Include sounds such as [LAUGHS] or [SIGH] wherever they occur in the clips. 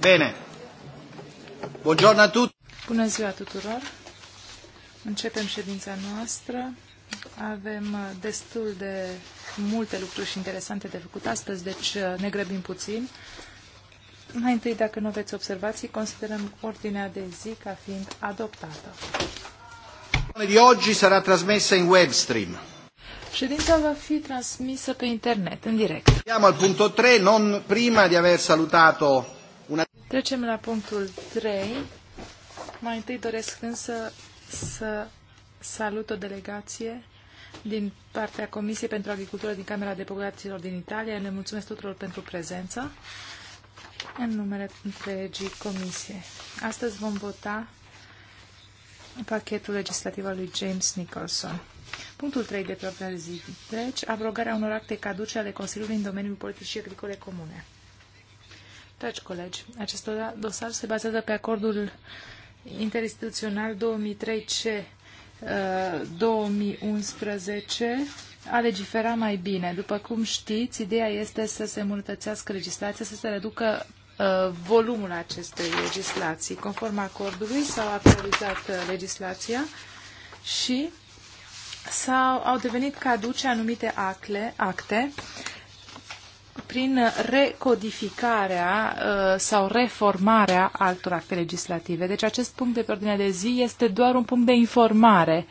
Bine. Buongiorno a tutti. Bună ziua tuturor. Începem ședința noastră. Avem uh, destul de multe lucruri și interesante de făcut astăzi, deci uh, ne grăbim puțin. Mai întâi, dacă nu aveți observații, considerăm ordinea de zi ca fiind adoptată. Di oggi sarà trasmessa in webstream. Ședința va fi transmisă pe internet, în direct. Siamo al punto 3, non prima di aver salutato Trecem la punctul 3. Mai întâi doresc însă să salut o delegație din partea Comisiei pentru Agricultură din Camera Deputaților din Italia. Ne mulțumesc tuturor pentru prezență în numele întregii comisie. Astăzi vom vota pachetul legislativ al lui James Nicholson. Punctul 3 de pe ordinea zi. Deci, abrogarea unor acte caduce ale Consiliului în domeniul politicii agricole comune. Dragi colegi, acest dosar se bazează pe acordul interinstituțional 2003C 2011 uh, a legifera mai bine. După cum știți, ideea este să se îmbunătățească legislația, să se reducă uh, volumul acestei legislații. Conform acordului s-au actualizat uh, legislația și sau au devenit caduce anumite acte, acte prin recodificarea uh, sau reformarea altor acte legislative. Deci acest punct de pe ordinea de zi este doar un punct de informare.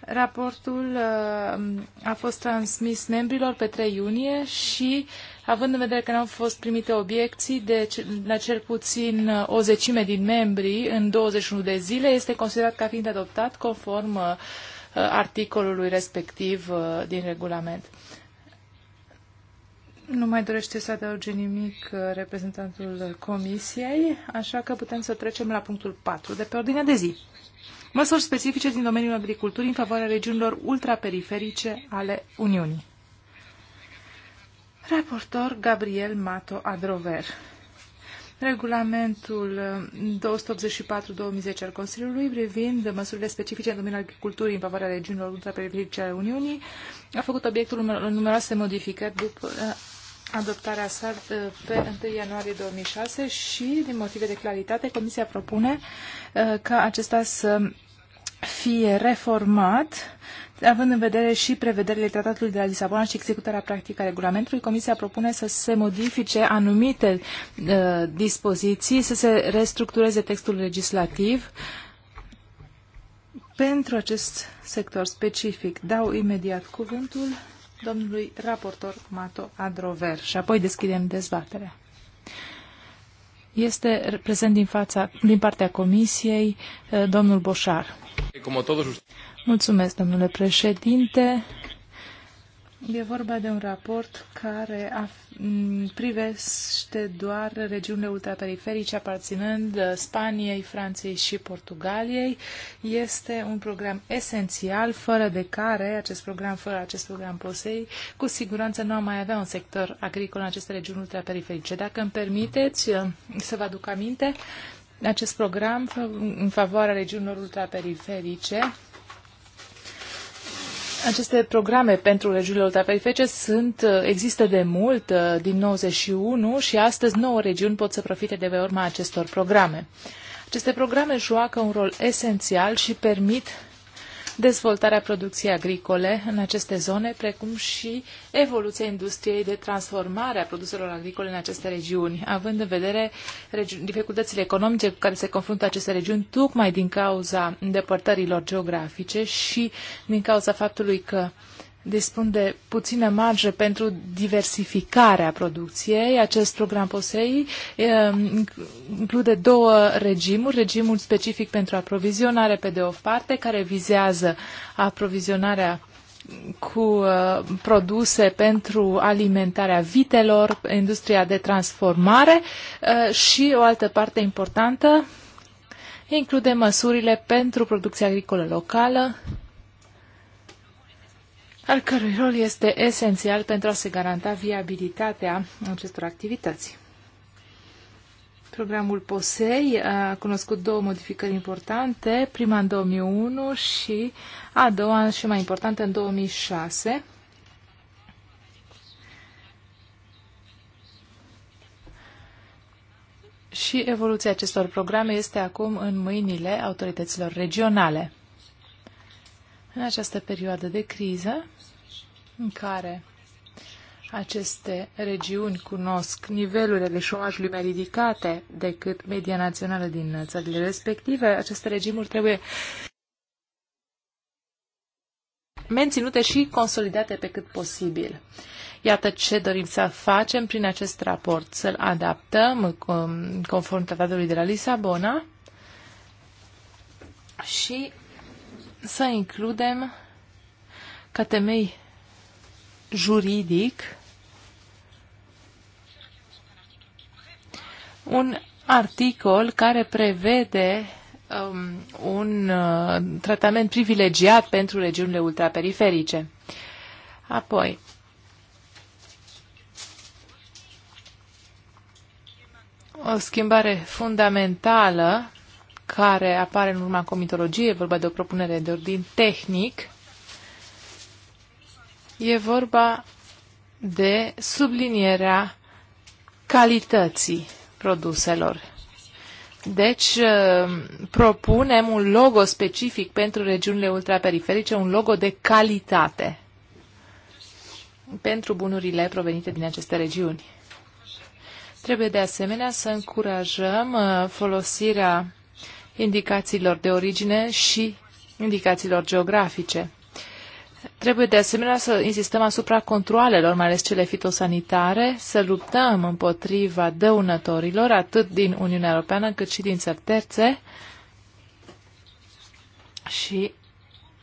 Raportul uh, a fost transmis membrilor pe 3 iunie și, având în vedere că n-au fost primite obiecții de la cel puțin uh, o zecime din membri în 21 de zile, este considerat ca fiind adoptat conform articolului respectiv din regulament. Nu mai dorește să adauge nimic uh, reprezentantul Comisiei, așa că putem să trecem la punctul 4 de pe ordinea de zi. Măsuri specifice din domeniul agriculturii în favoarea regiunilor ultraperiferice ale Uniunii. Raportor Gabriel Mato Adrover. Regulamentul 284-2010 uh, al Consiliului privind măsurile specifice în domeniul agriculturii în favoarea regiunilor ultraperiferice ale Uniunii a făcut obiectul numeroase modificări după uh, adoptarea sa pe 1 ianuarie 2006 și, din motive de claritate, Comisia propune uh, ca acesta să fie reformat, având în vedere și prevederile Tratatului de la Lisabona și executarea practică a regulamentului, Comisia propune să se modifice anumite uh, dispoziții, să se restructureze textul legislativ pentru acest sector specific. Dau imediat cuvântul domnului raportor Mato Adrover și apoi deschidem dezbaterea. Este prezent din, fața, din partea comisiei eh, domnul Boșar. Mulțumesc, domnule președinte. E vorba de un raport care privește doar regiunile ultraperiferice aparținând uh, Spaniei, Franței și Portugaliei. Este un program esențial, fără de care acest program, fără acest program POSEI, cu siguranță nu am mai avea un sector agricol în aceste regiuni ultraperiferice. Dacă îmi permiteți uh, să vă aduc aminte, acest program uh, în favoarea regiunilor ultraperiferice aceste programe pentru regiunile ultraperiferice sunt, uh, există de mult, uh, din 91 și astăzi 9 regiuni pot să profite de pe urma acestor programe. Aceste programe joacă un rol esențial și permit dezvoltarea producției agricole în aceste zone, precum și evoluția industriei de transformare a produselor agricole în aceste regiuni, având în vedere dificultățile economice cu care se confruntă aceste regiuni, tocmai din cauza îndepărtărilor geografice și din cauza faptului că dispun de puțină marjă pentru diversificarea producției. Acest program POSEI um, include două regimuri, regimul specific pentru aprovizionare pe de o parte, care vizează aprovizionarea cu uh, produse pentru alimentarea vitelor, industria de transformare uh, și o altă parte importantă include măsurile pentru producția agricolă locală, al cărui rol este esențial pentru a se garanta viabilitatea acestor activități. Programul POSEI a cunoscut două modificări importante, prima în 2001 și a doua și mai importantă în 2006. Și evoluția acestor programe este acum în mâinile autorităților regionale. În această perioadă de criză, în care aceste regiuni cunosc nivelurile șomajului mai ridicate decât media națională din țările respective, aceste regimuri trebuie menținute și consolidate pe cât posibil. Iată ce dorim să facem prin acest raport, să-l adaptăm um, conform tratatului de la Lisabona și să includem ca temei juridic un articol care prevede um, un uh, tratament privilegiat pentru regiunile ultraperiferice. Apoi, o schimbare fundamentală care apare în urma comitologiei, vorba de o propunere de ordin tehnic, E vorba de sublinierea calității produselor. Deci, uh, propunem un logo specific pentru regiunile ultraperiferice, un logo de calitate pentru bunurile provenite din aceste regiuni. Trebuie de asemenea să încurajăm uh, folosirea indicațiilor de origine și indicațiilor geografice. Trebuie de asemenea să insistăm asupra controalelor, mai ales cele fitosanitare, să luptăm împotriva dăunătorilor, atât din Uniunea Europeană cât și din țări terțe. Și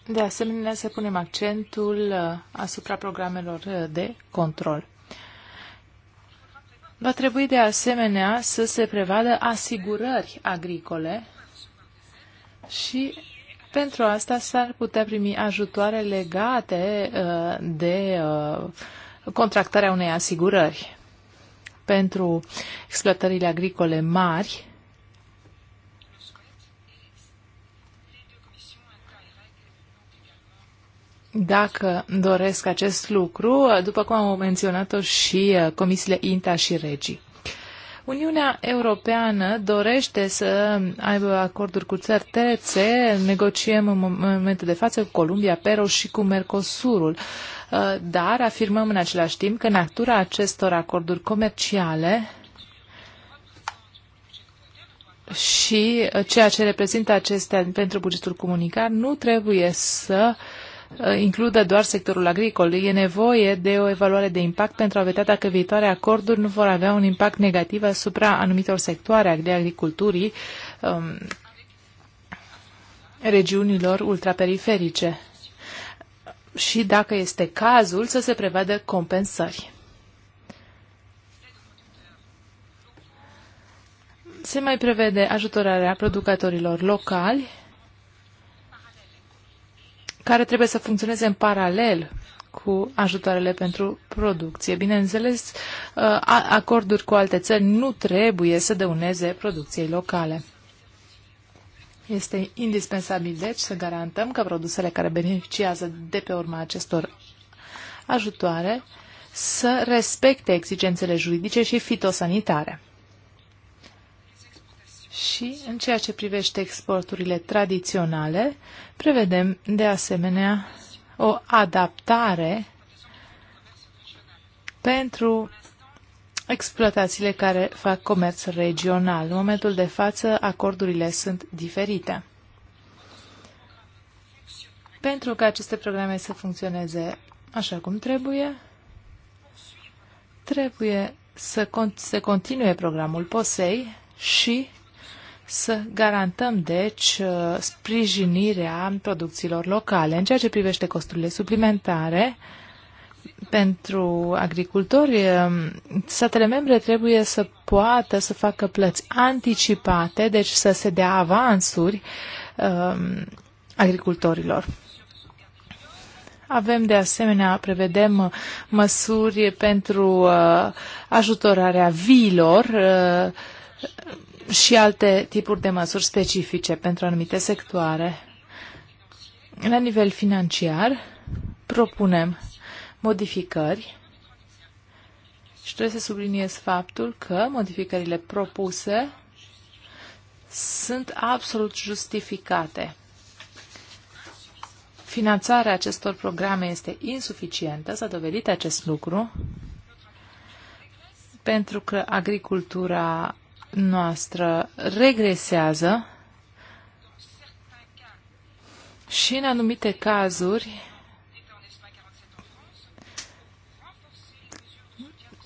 de asemenea să punem accentul uh, asupra programelor de control. Va trebui de asemenea să se prevadă asigurări agricole și pentru asta s-ar putea primi ajutoare legate uh, de uh, contractarea unei asigurări pentru exploatările agricole mari. Dacă doresc acest lucru, după cum am menționat-o și uh, comisiile INTA și REGI. Uniunea Europeană dorește să aibă acorduri cu țări terțe, negociem în momentul de față cu Columbia, Peru și cu Mercosurul, uh, dar afirmăm în același timp că natura acestor acorduri comerciale și ceea ce reprezintă acestea pentru bugetul comunicar nu trebuie să uh, Uh, includă doar sectorul agricol. E nevoie de o evaluare de impact pentru a vedea dacă viitoare acorduri nu vor avea un impact negativ asupra anumitor sectoare ale agriculturii, um, regiunilor ultraperiferice și, dacă este cazul, să se prevadă compensări. Se mai prevede ajutorarea producătorilor locali care trebuie să funcționeze în paralel cu ajutoarele pentru producție. Bineînțeles, uh, acorduri cu alte țări nu trebuie să dăuneze producției locale. Este indispensabil, deci, să garantăm că produsele care beneficiază de pe urma acestor ajutoare să respecte exigențele juridice și fitosanitare. Și în ceea ce privește exporturile tradiționale, prevedem de asemenea o adaptare pentru exploatațiile care fac comerț regional. În momentul de față, acordurile sunt diferite. Pentru ca aceste programe să funcționeze așa cum trebuie, trebuie să con- se continue programul POSEI și să garantăm, deci, uh, sprijinirea producțiilor locale. În ceea ce privește costurile suplimentare, pentru agricultori, um, statele membre trebuie să poată să facă plăți anticipate, deci să se dea avansuri um, agricultorilor. Avem de asemenea, prevedem măsuri pentru uh, ajutorarea viilor, uh, și alte tipuri de măsuri specifice pentru anumite sectoare. La nivel financiar, propunem modificări și trebuie să subliniez faptul că modificările propuse sunt absolut justificate. Finanțarea acestor programe este insuficientă, s-a dovedit acest lucru, pentru că agricultura noastră regresează și în anumite cazuri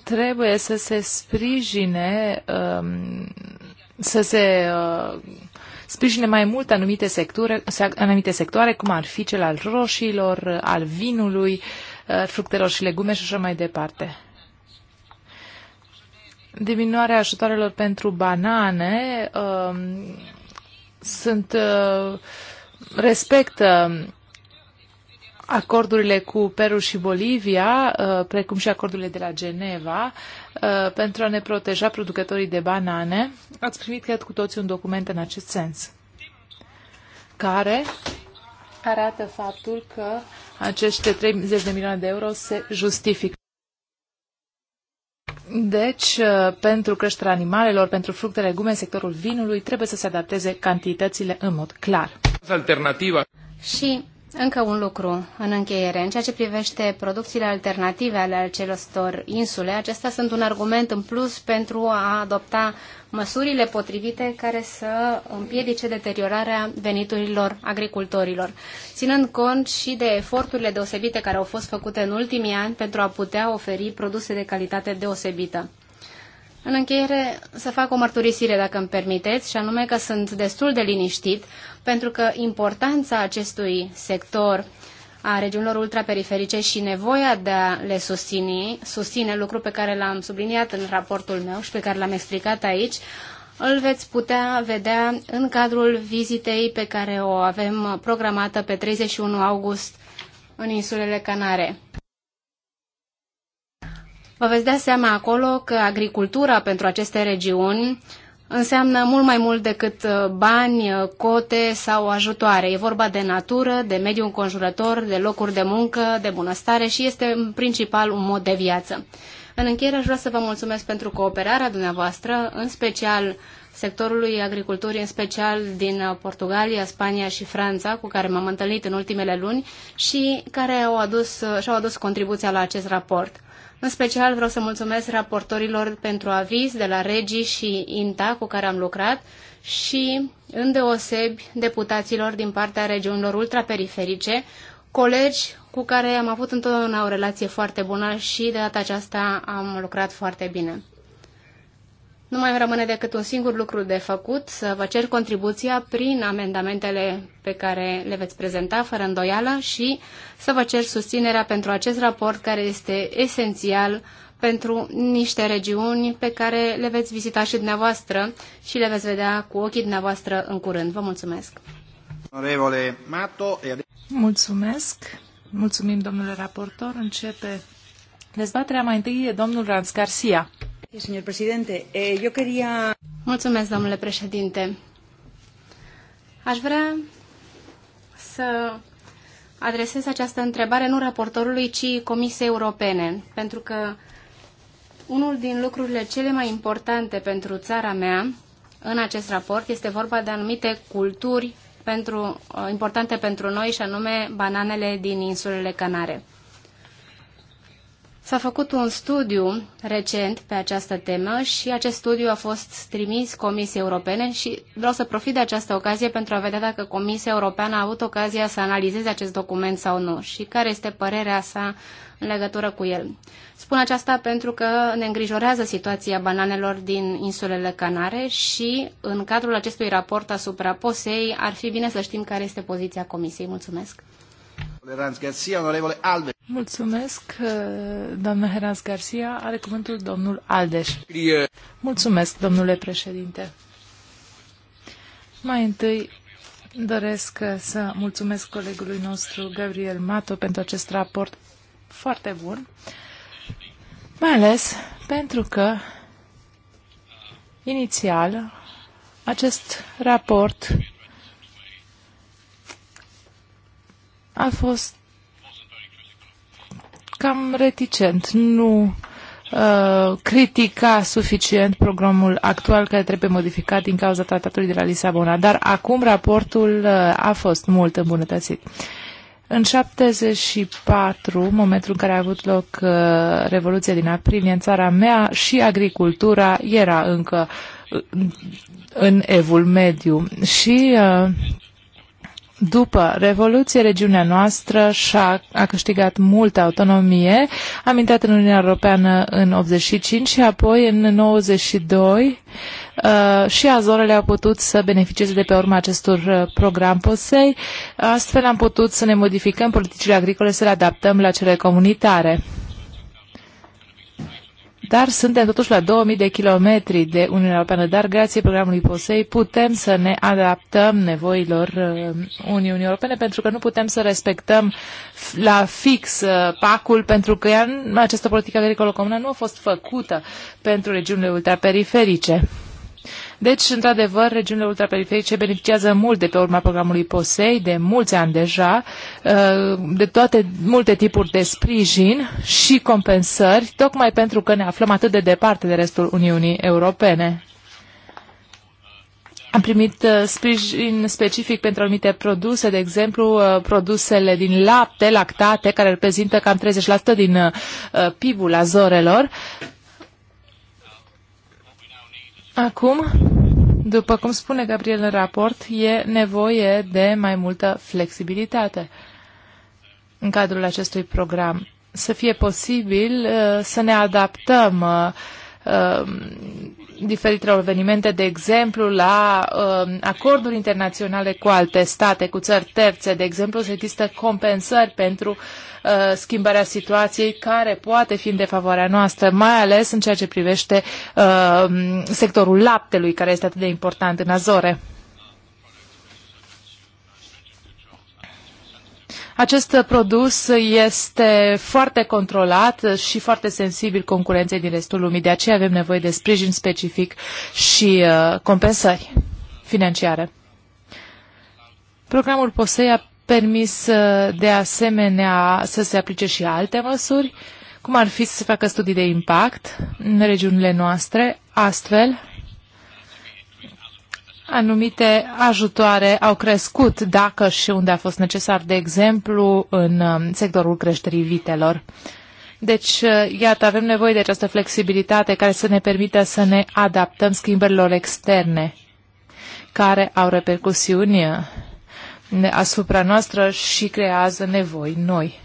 trebuie să se sprijine um, să se uh, sprijine mai mult anumite sectoare, anumite sectoare, cum ar fi cel al roșiilor, al vinului, uh, fructelor și legume și așa mai departe diminuarea ajutoarelor pentru banane uh, sunt uh, respectă acordurile cu Peru și Bolivia, uh, precum și acordurile de la Geneva, uh, pentru a ne proteja producătorii de banane. Ați primit, cred, cu toții un document în acest sens, care arată faptul că acești 30 de milioane de euro se justifică. Deci, uh, pentru creșterea animalelor, pentru fructe, legume, sectorul vinului, trebuie să se adapteze cantitățile în mod clar. Alternativa. Și încă un lucru în încheiere. În ceea ce privește producțiile alternative ale acelor insule, acestea sunt un argument în plus pentru a adopta măsurile potrivite care să împiedice deteriorarea veniturilor agricultorilor, ținând cont și de eforturile deosebite care au fost făcute în ultimii ani pentru a putea oferi produse de calitate deosebită. În încheiere, să fac o mărturisire, dacă îmi permiteți, și anume că sunt destul de liniștit, pentru că importanța acestui sector a regiunilor ultraperiferice și nevoia de a le susține, susține lucru pe care l-am subliniat în raportul meu și pe care l-am explicat aici, îl veți putea vedea în cadrul vizitei pe care o avem programată pe 31 august în insulele Canare vă veți da seama acolo că agricultura pentru aceste regiuni înseamnă mult mai mult decât uh, bani, uh, cote sau ajutoare. E vorba de natură, de mediu înconjurător, de locuri de muncă, de bunăstare și este în principal un mod de viață. În încheiere aș vrea să vă mulțumesc pentru cooperarea dumneavoastră, în special sectorului agriculturii, în special din uh, Portugalia, Spania și Franța, cu care m-am întâlnit în ultimele luni și care au adus, și-au adus contribuția la acest raport. În special vreau să mulțumesc raportorilor pentru aviz de la Regi și INTA cu care am lucrat și îndeosebi deputaților din partea regiunilor ultraperiferice, colegi cu care am avut întotdeauna o relație foarte bună și de data aceasta am lucrat foarte bine. Nu mai rămâne decât un singur lucru de făcut, să vă cer contribuția prin amendamentele pe care le veți prezenta, fără îndoială, și să vă cer susținerea pentru acest raport care este esențial pentru niște regiuni pe care le veți vizita și dumneavoastră și le veți vedea cu ochii dumneavoastră în curând. Vă mulțumesc! Mulțumesc! Mulțumim, domnule raportor. Începe dezbaterea mai întâi domnul Rans Garcia. Señor presidente, eu eh, queria... Mulțumesc, domnule președinte. Aș vrea să adresez această întrebare nu raportorului, ci Comisiei Europene, pentru că unul din lucrurile cele mai importante pentru țara mea în acest raport este vorba de anumite culturi pentru, importante pentru noi și anume bananele din insulele Canare. S-a făcut un studiu recent pe această temă și acest studiu a fost trimis Comisiei Europene și vreau să profit de această ocazie pentru a vedea dacă Comisia Europeană a avut ocazia să analizeze acest document sau nu și care este părerea sa în legătură cu el. Spun aceasta pentru că ne îngrijorează situația bananelor din insulele Canare și în cadrul acestui raport asupra POSEI ar fi bine să știm care este poziția Comisiei. Mulțumesc! Mulțumesc, doamnă Heranz Garcia. Are cuvântul domnul Aldeș. Mulțumesc, domnule președinte. Mai întâi doresc să mulțumesc colegului nostru Gabriel Mato pentru acest raport foarte bun, mai ales pentru că inițial acest raport a fost cam reticent. Nu uh, critica suficient programul actual care trebuie modificat din cauza tratatului de la Lisabona, dar acum raportul uh, a fost mult îmbunătățit. În 74, momentul în care a avut loc uh, Revoluția din aprilie, în țara mea și agricultura era încă uh, în evul mediu și uh, după Revoluție, regiunea noastră și-a a câștigat multă autonomie. Am intrat în Uniunea Europeană în 85 și apoi în 92 uh, și Azorele au putut să beneficieze de pe urma acestor uh, program POSEI. Astfel am putut să ne modificăm politicile agricole, să le adaptăm la cele comunitare dar suntem totuși la 2000 de kilometri de Uniunea Europeană, dar grație programului POSEI putem să ne adaptăm nevoilor uh, Uniunii Europene pentru că nu putem să respectăm la fix uh, pacul pentru că această politică agricolă comună nu a fost făcută pentru regiunile ultraperiferice. Deci, într-adevăr, regiunile ultraperiferice beneficiază mult de pe urma programului POSEI, de mulți ani deja, uh, de toate multe tipuri de sprijin și compensări, tocmai pentru că ne aflăm atât de departe de restul Uniunii Europene. Am primit uh, sprijin specific pentru anumite produse, de exemplu uh, produsele din lapte, lactate, care reprezintă cam 30% din PIB-ul Azorelor Acum, după cum spune Gabriel în raport, e nevoie de mai multă flexibilitate în cadrul acestui program. Să fie posibil uh, să ne adaptăm uh, um, diferitelor evenimente, de exemplu, la uh, acorduri internaționale cu alte state, cu țări terțe, de exemplu, să există compensări pentru Uh, schimbarea situației care poate fi în defavoarea noastră, mai ales în ceea ce privește uh, sectorul laptelui, care este atât de important în Azore. Acest produs este foarte controlat și foarte sensibil concurenței din restul lumii, de aceea avem nevoie de sprijin specific și uh, compensări financiare. Programul POSEI a permis uh, de asemenea să se aplice și alte măsuri, cum ar fi să se facă studii de impact în regiunile noastre, astfel anumite ajutoare au crescut dacă și unde a fost necesar, de exemplu, în um, sectorul creșterii vitelor. Deci, uh, iată, avem nevoie de această flexibilitate care să ne permită să ne adaptăm schimbărilor externe care au repercusiuni asupra noastră și creează nevoi noi.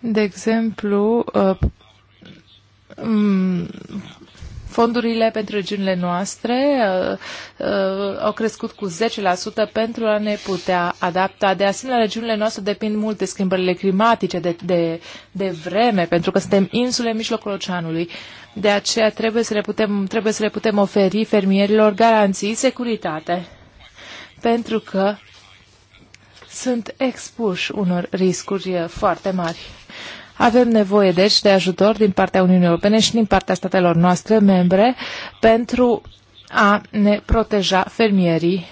De exemplu, uh, Fondurile pentru regiunile noastre uh, uh, au crescut cu 10% pentru a ne putea adapta. De asemenea, regiunile noastre depind mult de schimbările climatice, de, de, de vreme, pentru că suntem insule în mijlocul oceanului. De aceea trebuie să le putem, trebuie să le putem oferi fermierilor garanții, securitate, pentru că sunt expuși unor riscuri foarte mari. Avem nevoie, deci, de ajutor din partea Uniunii Europene și din partea statelor noastre membre pentru a ne proteja fermierii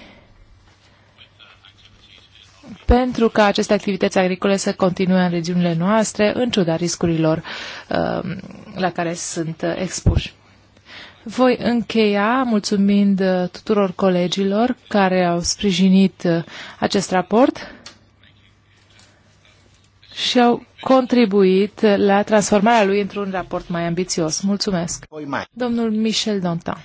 pentru ca aceste activități agricole să continue în regiunile noastre, în ciuda riscurilor uh, la care sunt expuși. Voi încheia mulțumind uh, tuturor colegilor care au sprijinit uh, acest raport și au contribuit la transformarea lui într-un raport mai ambițios. Mulțumesc. Domnul Michel Dantin.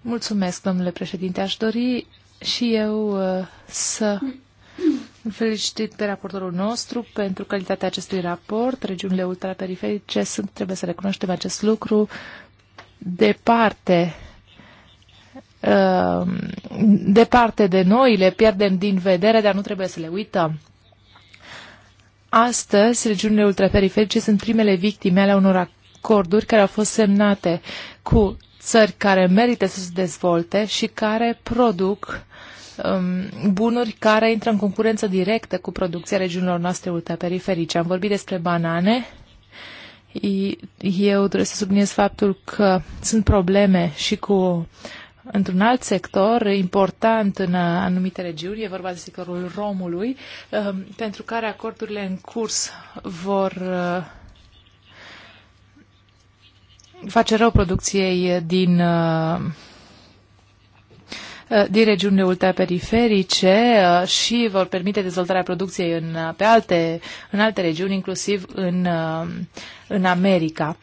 Mulțumesc, domnule președinte. Aș dori și eu uh, să felicit pe raportorul nostru pentru calitatea acestui raport. Regiunile ultraperiferice sunt, trebuie să recunoaștem acest lucru, departe Uh, departe de noi, le pierdem din vedere, dar nu trebuie să le uităm. Astăzi, regiunile ultraperiferice sunt primele victime ale unor acorduri care au fost semnate cu țări care merită să se dezvolte și care produc um, bunuri care intră în concurență directă cu producția regiunilor noastre ultraperiferice. Am vorbit despre banane. Eu trebuie să subliniez faptul că sunt probleme și cu într-un alt sector important în anumite regiuni, e vorba de sectorul Romului, ehm, pentru care acordurile în curs vor ehm, face rău producției din ehm, din regiunile ultraperiferice și vor permite dezvoltarea producției în, pe alte, în alte regiuni, inclusiv în, în America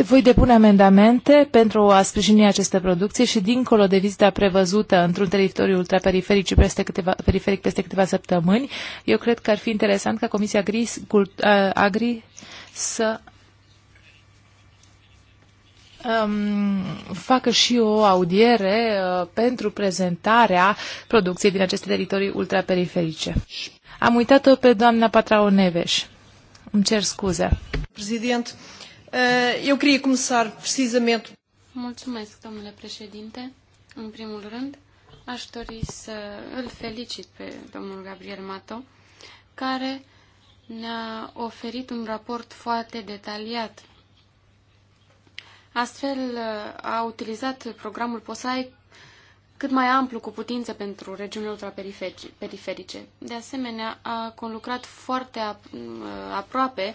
voi depune amendamente pentru a sprijini aceste producții și dincolo de vizita prevăzută într-un teritoriu ultraperiferic și peste câteva, periferic peste câteva săptămâni, eu cred că ar fi interesant ca Comisia Agri, Cult, Agri să um, facă și o audiere uh, pentru prezentarea producției din aceste teritorii ultraperiferice. Am uitat-o pe doamna Patrao Neveș. Îmi cer scuze. Președinte, Eh, eu queria começar precisamente. Mulțumesc, domnule președinte. În primul rând, aș dori să îl felicit pe domnul Gabriel Mato, care ne-a oferit un raport foarte detaliat. Astfel, a utilizat programul POSAI cât mai amplu cu putință pentru regiunile ultraperiferice. De asemenea, a conlucrat foarte aproape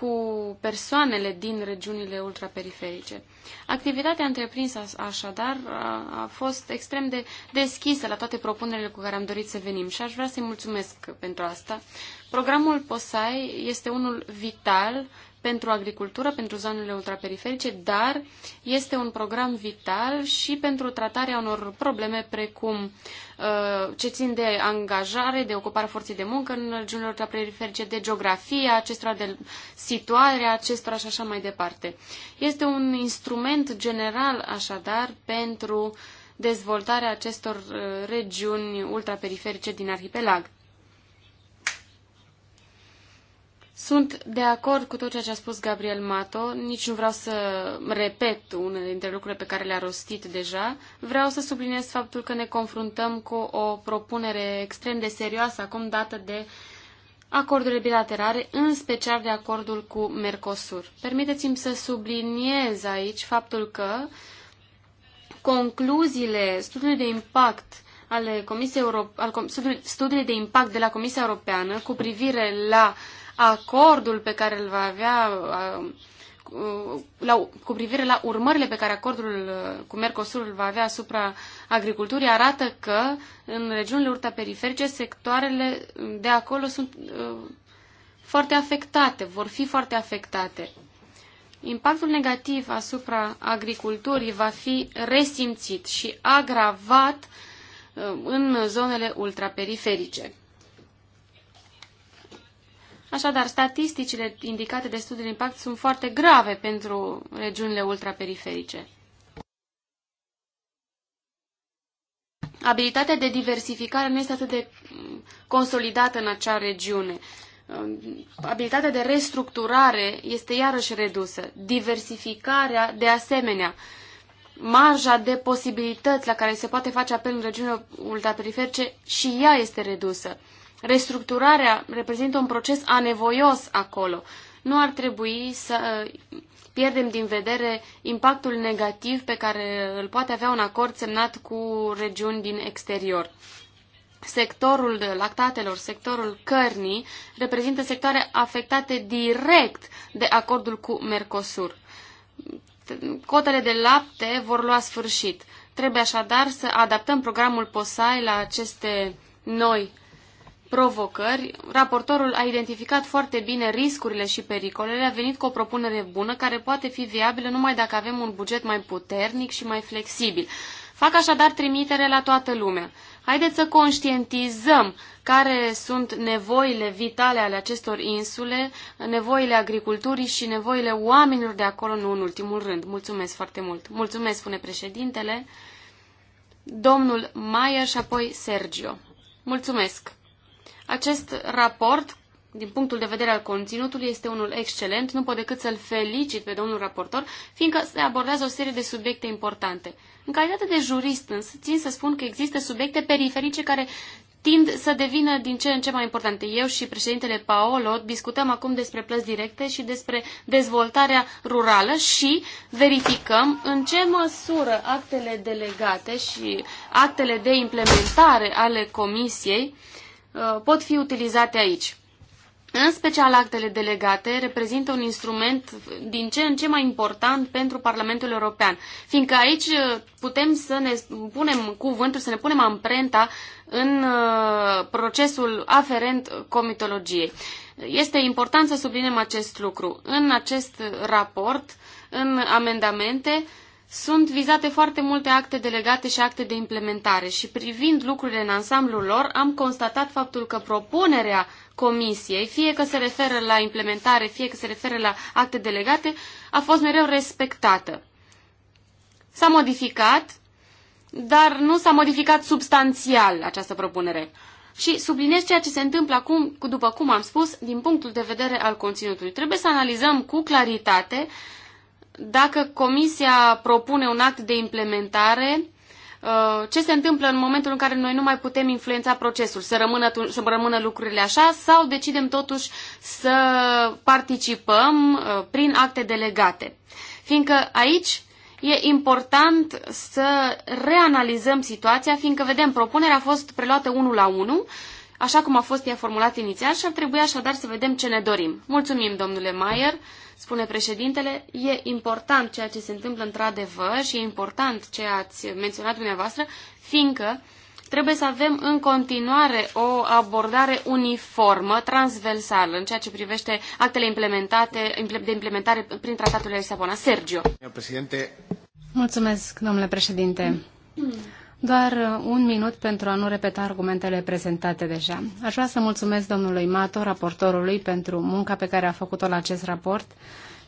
cu persoanele din regiunile ultraperiferice. Activitatea întreprinsă așadar a fost extrem de deschisă la toate propunerile cu care am dorit să venim și aș vrea să-i mulțumesc pentru asta. Programul POSAI este unul vital pentru agricultură, pentru zonele ultraperiferice, dar este un program vital și pentru tratarea unor probleme precum uh, Uh, ce țin de angajare, de ocupare forței de muncă în regiunile ultraperiferice, de geografia acestora, de situarea acestora și așa mai departe. Este un instrument general, așadar, pentru dezvoltarea acestor uh, regiuni ultraperiferice din arhipelag. Sunt de acord cu tot ceea ce a spus Gabriel Mato, nici nu vreau să repet unele dintre lucrurile pe care le-a rostit deja. Vreau să subliniez faptul că ne confruntăm cu o propunere extrem de serioasă acum dată de acordurile bilaterale, în special de acordul cu Mercosur. Permiteți-mi să subliniez aici faptul că concluziile studiului de impact ale Comisiei Europe, al, studiului de impact de la Comisia Europeană cu privire la uh, acordul pe care îl va avea la, cu privire la urmările pe care acordul uh, cu Mercosur îl va avea asupra agriculturii, arată că în regiunile periferice sectoarele de acolo sunt uh, foarte afectate, vor fi foarte afectate. Impactul negativ asupra agriculturii va fi resimțit și agravat uh, în zonele ultraperiferice. Așadar, statisticile indicate de studiul de impact sunt foarte grave pentru regiunile ultraperiferice. Abilitatea de diversificare nu este atât de consolidată în acea regiune. Abilitatea de restructurare este iarăși redusă. Diversificarea, de asemenea, marja de posibilități la care se poate face apel în regiunile ultraperiferice și ea este redusă. Restructurarea reprezintă un proces anevoios acolo. Nu ar trebui să uh, pierdem din vedere impactul negativ pe care îl poate avea un acord semnat cu regiuni din exterior. Sectorul lactatelor, sectorul cărnii, reprezintă sectoare afectate direct de acordul cu Mercosur. Cotele de lapte vor lua sfârșit. Trebuie așadar să adaptăm programul POSAI la aceste noi provocări, raportorul a identificat foarte bine riscurile și pericolele, a venit cu o propunere bună care poate fi viabilă numai dacă avem un buget mai puternic și mai flexibil. Fac așadar trimitere la toată lumea. Haideți să conștientizăm care sunt nevoile vitale ale acestor insule, nevoile agriculturii și nevoile oamenilor de acolo, nu în ultimul rând. Mulțumesc foarte mult. Mulțumesc, spune președintele, domnul Maier și apoi Sergio. Mulțumesc. Acest raport, din punctul de vedere al conținutului, este unul excelent. Nu pot decât să-l felicit pe domnul raportor, fiindcă se abordează o serie de subiecte importante. În calitate de jurist, însă, țin să spun că există subiecte periferice care tind să devină din ce în ce mai importante. Eu și președintele Paolo discutăm acum despre plăți directe și despre dezvoltarea rurală și verificăm în ce măsură actele delegate și actele de implementare ale Comisiei uh, Uh, pot fi utilizate aici. În special, actele delegate reprezintă un instrument din ce în ce mai important pentru Parlamentul European, fiindcă aici uh, putem să ne punem cuvântul, să ne punem amprenta în uh, procesul aferent comitologiei. Este important să subliniem acest lucru. În acest raport, în amendamente, sunt vizate foarte multe acte delegate și acte de implementare și privind lucrurile în ansamblul lor, am constatat faptul că propunerea comisiei, fie că se referă la implementare, fie că se referă la acte delegate, a fost mereu respectată. S-a modificat, dar nu s-a modificat substanțial această propunere. Și subliniez ceea ce se întâmplă acum, după cum am spus, din punctul de vedere al conținutului. Trebuie să analizăm cu claritate dacă Comisia propune un act de implementare, uh, ce se întâmplă în momentul în care noi nu mai putem influența procesul, să rămână, să rămână lucrurile așa sau decidem totuși să participăm uh, prin acte delegate. Fiindcă aici e important să reanalizăm situația, fiindcă vedem, propunerea a fost preluată unul la unul, așa cum a fost ea formulată inițial și ar trebui așadar să vedem ce ne dorim. Mulțumim, domnule Maier spune președintele, e important ceea ce se întâmplă într-adevăr și e important ce ați menționat dumneavoastră, fiindcă trebuie să avem în continuare o abordare uniformă, transversală, în ceea ce privește actele implementate, de implementare prin tratatul de Lisabona. Sergio. Mulțumesc, domnule președinte. Doar uh, un minut pentru a nu repeta argumentele prezentate deja. Aș vrea să mulțumesc domnului Mato, raportorului, pentru munca pe care a făcut-o la acest raport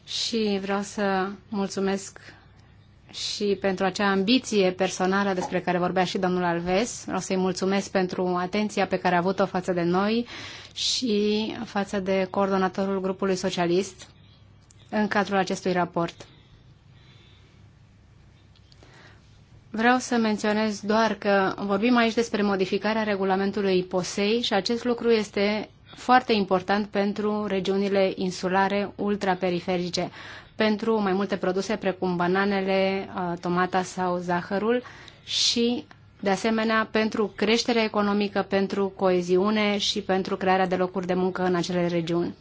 și vreau să mulțumesc și pentru acea ambiție personală despre care vorbea și domnul Alves. Vreau să-i mulțumesc pentru atenția pe care a avut-o față de noi și față de coordonatorul grupului socialist în cadrul acestui raport. Vreau să menționez doar că vorbim aici despre modificarea regulamentului POSEI și acest lucru este foarte important pentru regiunile insulare ultraperiferice, pentru mai multe produse precum bananele, uh, tomata sau zahărul și, de asemenea, pentru creștere economică, pentru coeziune și pentru crearea de locuri de muncă în acele regiuni.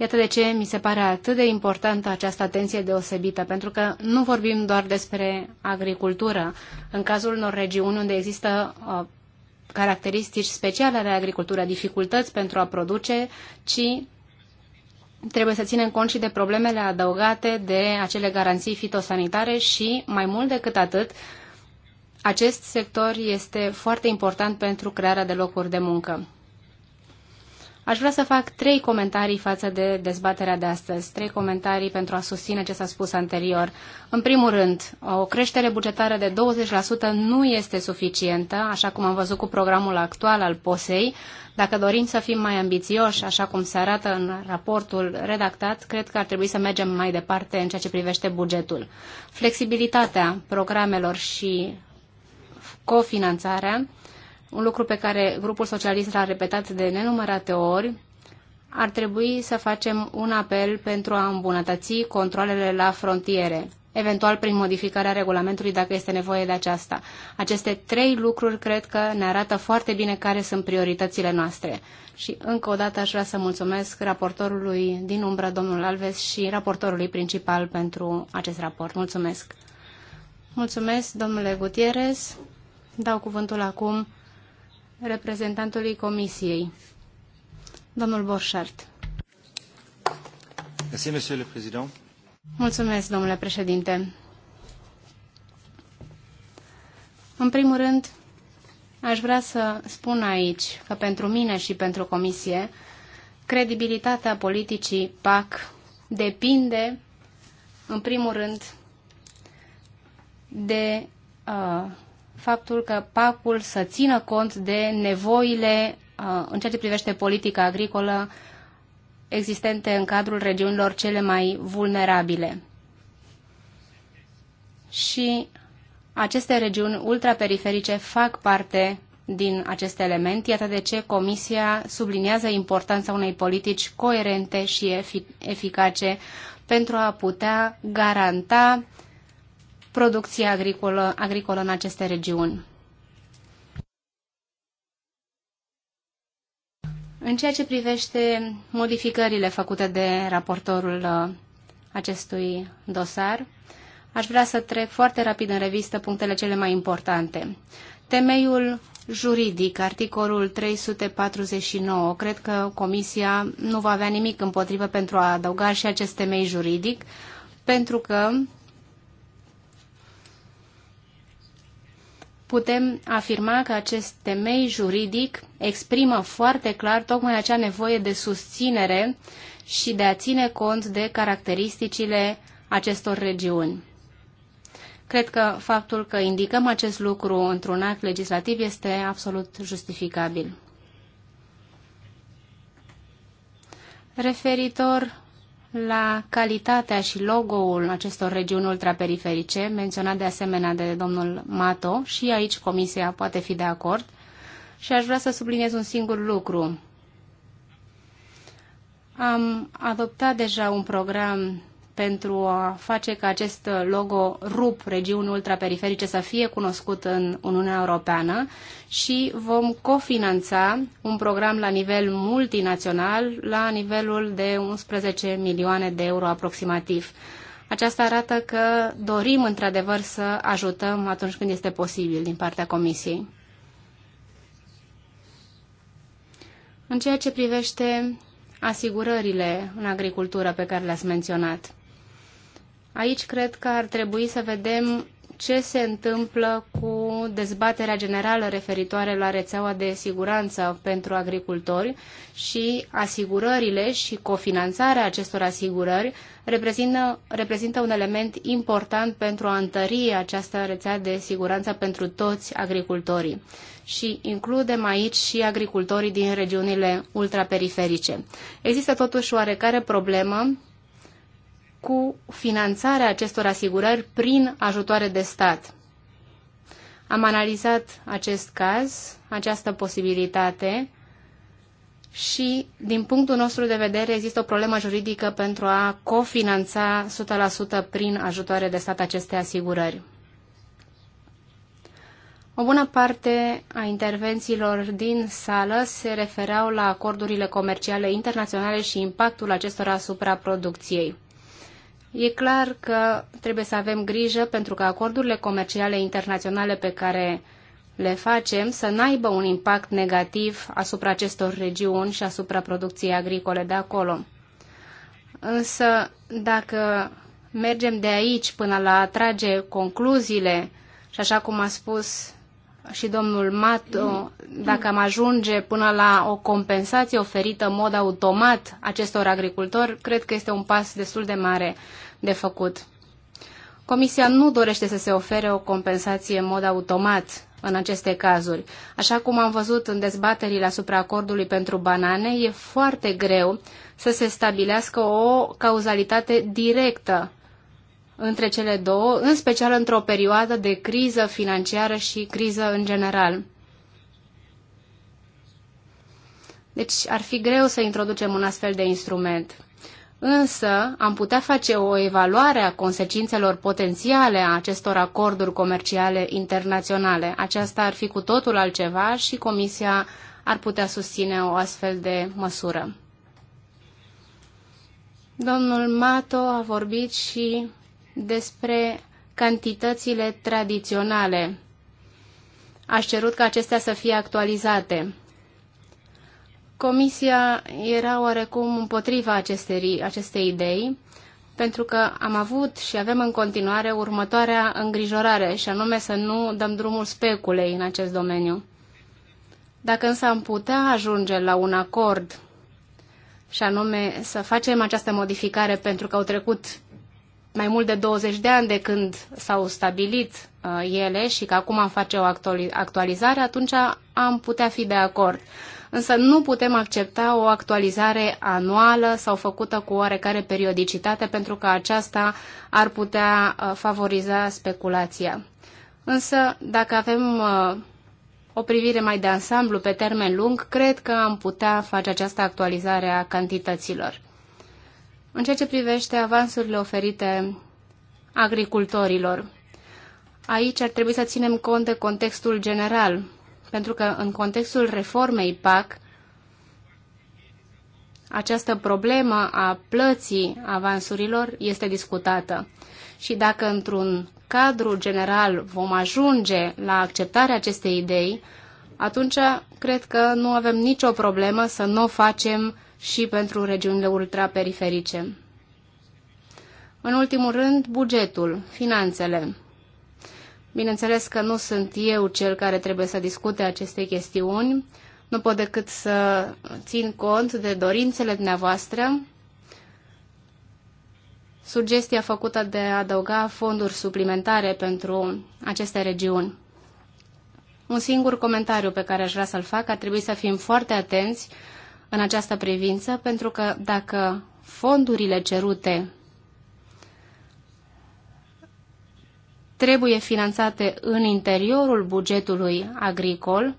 Iată de ce mi se pare atât de importantă această atenție deosebită, pentru că nu vorbim doar despre agricultură. În cazul unor regiuni unde există uh, caracteristici speciale ale agricultură, dificultăți pentru a produce, ci trebuie să ținem cont și de problemele adăugate de acele garanții fitosanitare și, mai mult decât atât, acest sector este foarte important pentru crearea de locuri de muncă. Aș vrea să fac trei comentarii față de dezbaterea de astăzi, trei comentarii pentru a susține ce s-a spus anterior. În primul rând, o creștere bugetară de 20% nu este suficientă, așa cum am văzut cu programul actual al POSEI. Dacă dorim să fim mai ambițioși, așa cum se arată în raportul redactat, cred că ar trebui să mergem mai departe în ceea ce privește bugetul. Flexibilitatea programelor și cofinanțarea un lucru pe care grupul socialist l-a repetat de nenumărate ori, ar trebui să facem un apel pentru a îmbunătăți controlele la frontiere, eventual prin modificarea regulamentului dacă este nevoie de aceasta. Aceste trei lucruri cred că ne arată foarte bine care sunt prioritățile noastre. Și încă o dată aș vrea să mulțumesc raportorului din umbră, domnul Alves, și raportorului principal pentru acest raport. Mulțumesc! Mulțumesc, domnule Gutierrez. Dau cuvântul acum reprezentantului Comisiei, domnul Borșart. Mulțumesc, domnule președinte. În primul rând, aș vrea să spun aici că pentru mine și pentru Comisie, credibilitatea politicii PAC depinde, în primul rând, de uh, faptul că PAC-ul să țină cont de nevoile uh, în ceea ce privește politica agricolă existente în cadrul regiunilor cele mai vulnerabile. Și aceste regiuni ultraperiferice fac parte din acest element, iată de ce Comisia subliniază importanța unei politici coerente și efic eficace pentru a putea garanta producție agricolă, agricolă în aceste regiuni. În ceea ce privește modificările făcute de raportorul uh, acestui dosar, aș vrea să trec foarte rapid în revistă punctele cele mai importante. Temeiul juridic, articolul 349, cred că Comisia nu va avea nimic împotrivă pentru a adăuga și acest temei juridic, pentru că putem afirma că acest temei juridic exprimă foarte clar tocmai acea nevoie de susținere și de a ține cont de caracteristicile acestor regiuni. Cred că faptul că indicăm acest lucru într-un act legislativ este absolut justificabil. Referitor la calitatea și logo-ul acestor regiuni ultraperiferice, menționat de asemenea de domnul Mato, și aici Comisia poate fi de acord. Și aș vrea să subliniez un singur lucru. Am adoptat deja un program pentru a face ca acest logo RUP, regiuni ultraperiferice, să fie cunoscut în Uniunea Europeană și vom cofinanța un program la nivel multinațional, la nivelul de 11 milioane de euro aproximativ. Aceasta arată că dorim într-adevăr să ajutăm atunci când este posibil din partea Comisiei. În ceea ce privește asigurările în agricultură pe care le-ați menționat. Aici cred că ar trebui să vedem ce se întâmplă cu dezbaterea generală referitoare la rețeaua de siguranță pentru agricultori și asigurările și cofinanțarea acestor asigurări reprezintă, reprezintă un element important pentru a întări această rețea de siguranță pentru toți agricultorii. Și includem aici și agricultorii din regiunile ultraperiferice. Există totuși oarecare problemă cu finanțarea acestor asigurări prin ajutoare de stat. Am analizat acest caz, această posibilitate și, din punctul nostru de vedere, există o problemă juridică pentru a cofinanța 100% prin ajutoare de stat aceste asigurări. O bună parte a intervențiilor din sală se refereau la acordurile comerciale internaționale și impactul acestora asupra producției. E clar că trebuie să avem grijă pentru că acordurile comerciale internaționale pe care le facem să n-aibă un impact negativ asupra acestor regiuni și asupra producției agricole de acolo. Însă, dacă mergem de aici până la a trage concluziile, și așa cum a spus și domnul Mat, dacă am ajunge până la o compensație oferită în mod automat acestor agricultori, cred că este un pas destul de mare de făcut. Comisia nu dorește să se ofere o compensație în mod automat în aceste cazuri. Așa cum am văzut în dezbaterile asupra acordului pentru banane, e foarte greu să se stabilească o cauzalitate directă între cele două, în special într-o perioadă de criză financiară și criză în general. Deci ar fi greu să introducem un astfel de instrument. Însă am putea face o evaluare a consecințelor potențiale a acestor acorduri comerciale internaționale. Aceasta ar fi cu totul altceva și Comisia ar putea susține o astfel de măsură. Domnul Mato a vorbit și despre cantitățile tradiționale. Aș cerut ca acestea să fie actualizate. Comisia era oarecum împotriva acestei, acestei idei, pentru că am avut și avem în continuare următoarea îngrijorare, și anume să nu dăm drumul speculei în acest domeniu. Dacă însă am putea ajunge la un acord, și anume să facem această modificare pentru că au trecut mai mult de 20 de ani de când s-au stabilit uh, ele și că acum am face o actualizare, atunci am putea fi de acord. Însă nu putem accepta o actualizare anuală sau făcută cu oarecare periodicitate pentru că aceasta ar putea uh, favoriza speculația. Însă dacă avem uh, o privire mai de ansamblu pe termen lung, cred că am putea face această actualizare a cantităților. În ceea ce privește avansurile oferite agricultorilor, aici ar trebui să ținem cont de contextul general, pentru că în contextul reformei PAC, această problemă a plății avansurilor este discutată. Și dacă într-un cadru general vom ajunge la acceptarea acestei idei, atunci cred că nu avem nicio problemă să nu o facem și pentru regiunile ultraperiferice. În ultimul rând, bugetul, finanțele. Bineînțeles că nu sunt eu cel care trebuie să discute aceste chestiuni, nu pot decât să țin cont de dorințele dumneavoastră. Sugestia făcută de a adăuga fonduri suplimentare pentru aceste regiuni. Un singur comentariu pe care aș vrea să-l fac, ar trebui să fim foarte atenți în această privință, pentru că dacă fondurile cerute trebuie finanțate în interiorul bugetului agricol,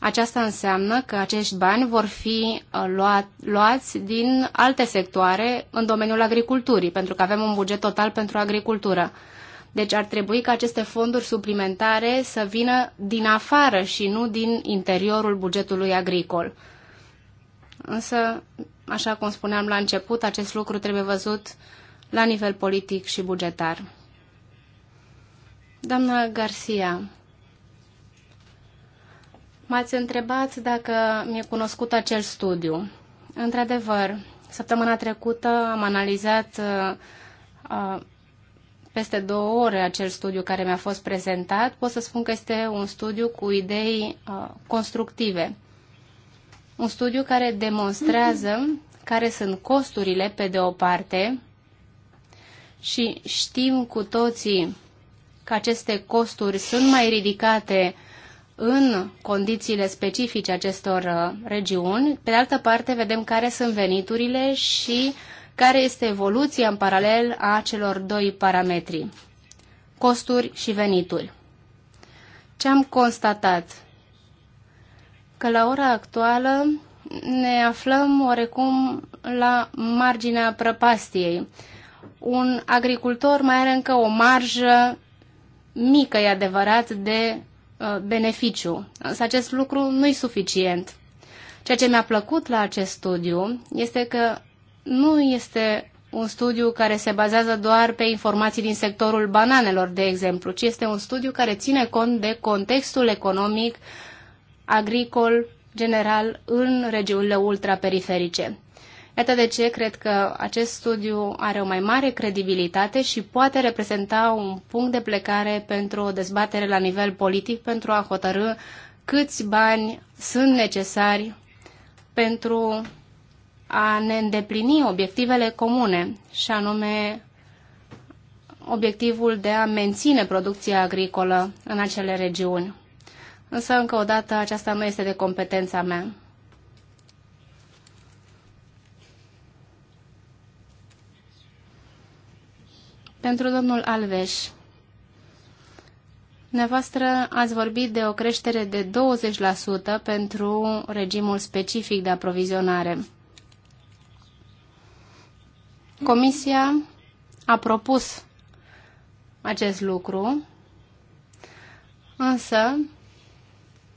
aceasta înseamnă că acești bani vor fi uh, luat, luați din alte sectoare în domeniul agriculturii, pentru că avem un buget total pentru agricultură. Deci ar trebui ca aceste fonduri suplimentare să vină din afară și nu din interiorul bugetului agricol. Însă, așa cum spuneam la început, acest lucru trebuie văzut la nivel politic și bugetar. Doamna Garcia, m-ați întrebat dacă mi-e cunoscut acel studiu. Într-adevăr, săptămâna trecută am analizat uh, uh, peste două ore acel studiu care mi-a fost prezentat. Pot să spun că este un studiu cu idei uh, constructive un studiu care demonstrează care sunt costurile pe de o parte și știm cu toții că aceste costuri sunt mai ridicate în condițiile specifice acestor uh, regiuni. Pe de altă parte, vedem care sunt veniturile și care este evoluția în paralel a celor doi parametri, costuri și venituri. Ce am constatat? că la ora actuală ne aflăm oarecum la marginea prăpastiei. Un agricultor mai are încă o marjă mică, e adevărat, de uh, beneficiu. Însă acest lucru nu-i suficient. Ceea ce mi-a plăcut la acest studiu este că nu este un studiu care se bazează doar pe informații din sectorul bananelor, de exemplu, ci este un studiu care ține cont de contextul economic agricol general în regiunile ultraperiferice. Iată de ce cred că acest studiu are o mai mare credibilitate și poate reprezenta un punct de plecare pentru o dezbatere la nivel politic pentru a hotărâ câți bani sunt necesari pentru a ne îndeplini obiectivele comune, și anume obiectivul de a menține producția agricolă în acele regiuni. Însă, încă o dată, aceasta nu este de competența mea. Pentru domnul Alveș, Nevoastră ați vorbit de o creștere de 20% pentru regimul specific de aprovizionare. Comisia a propus acest lucru, însă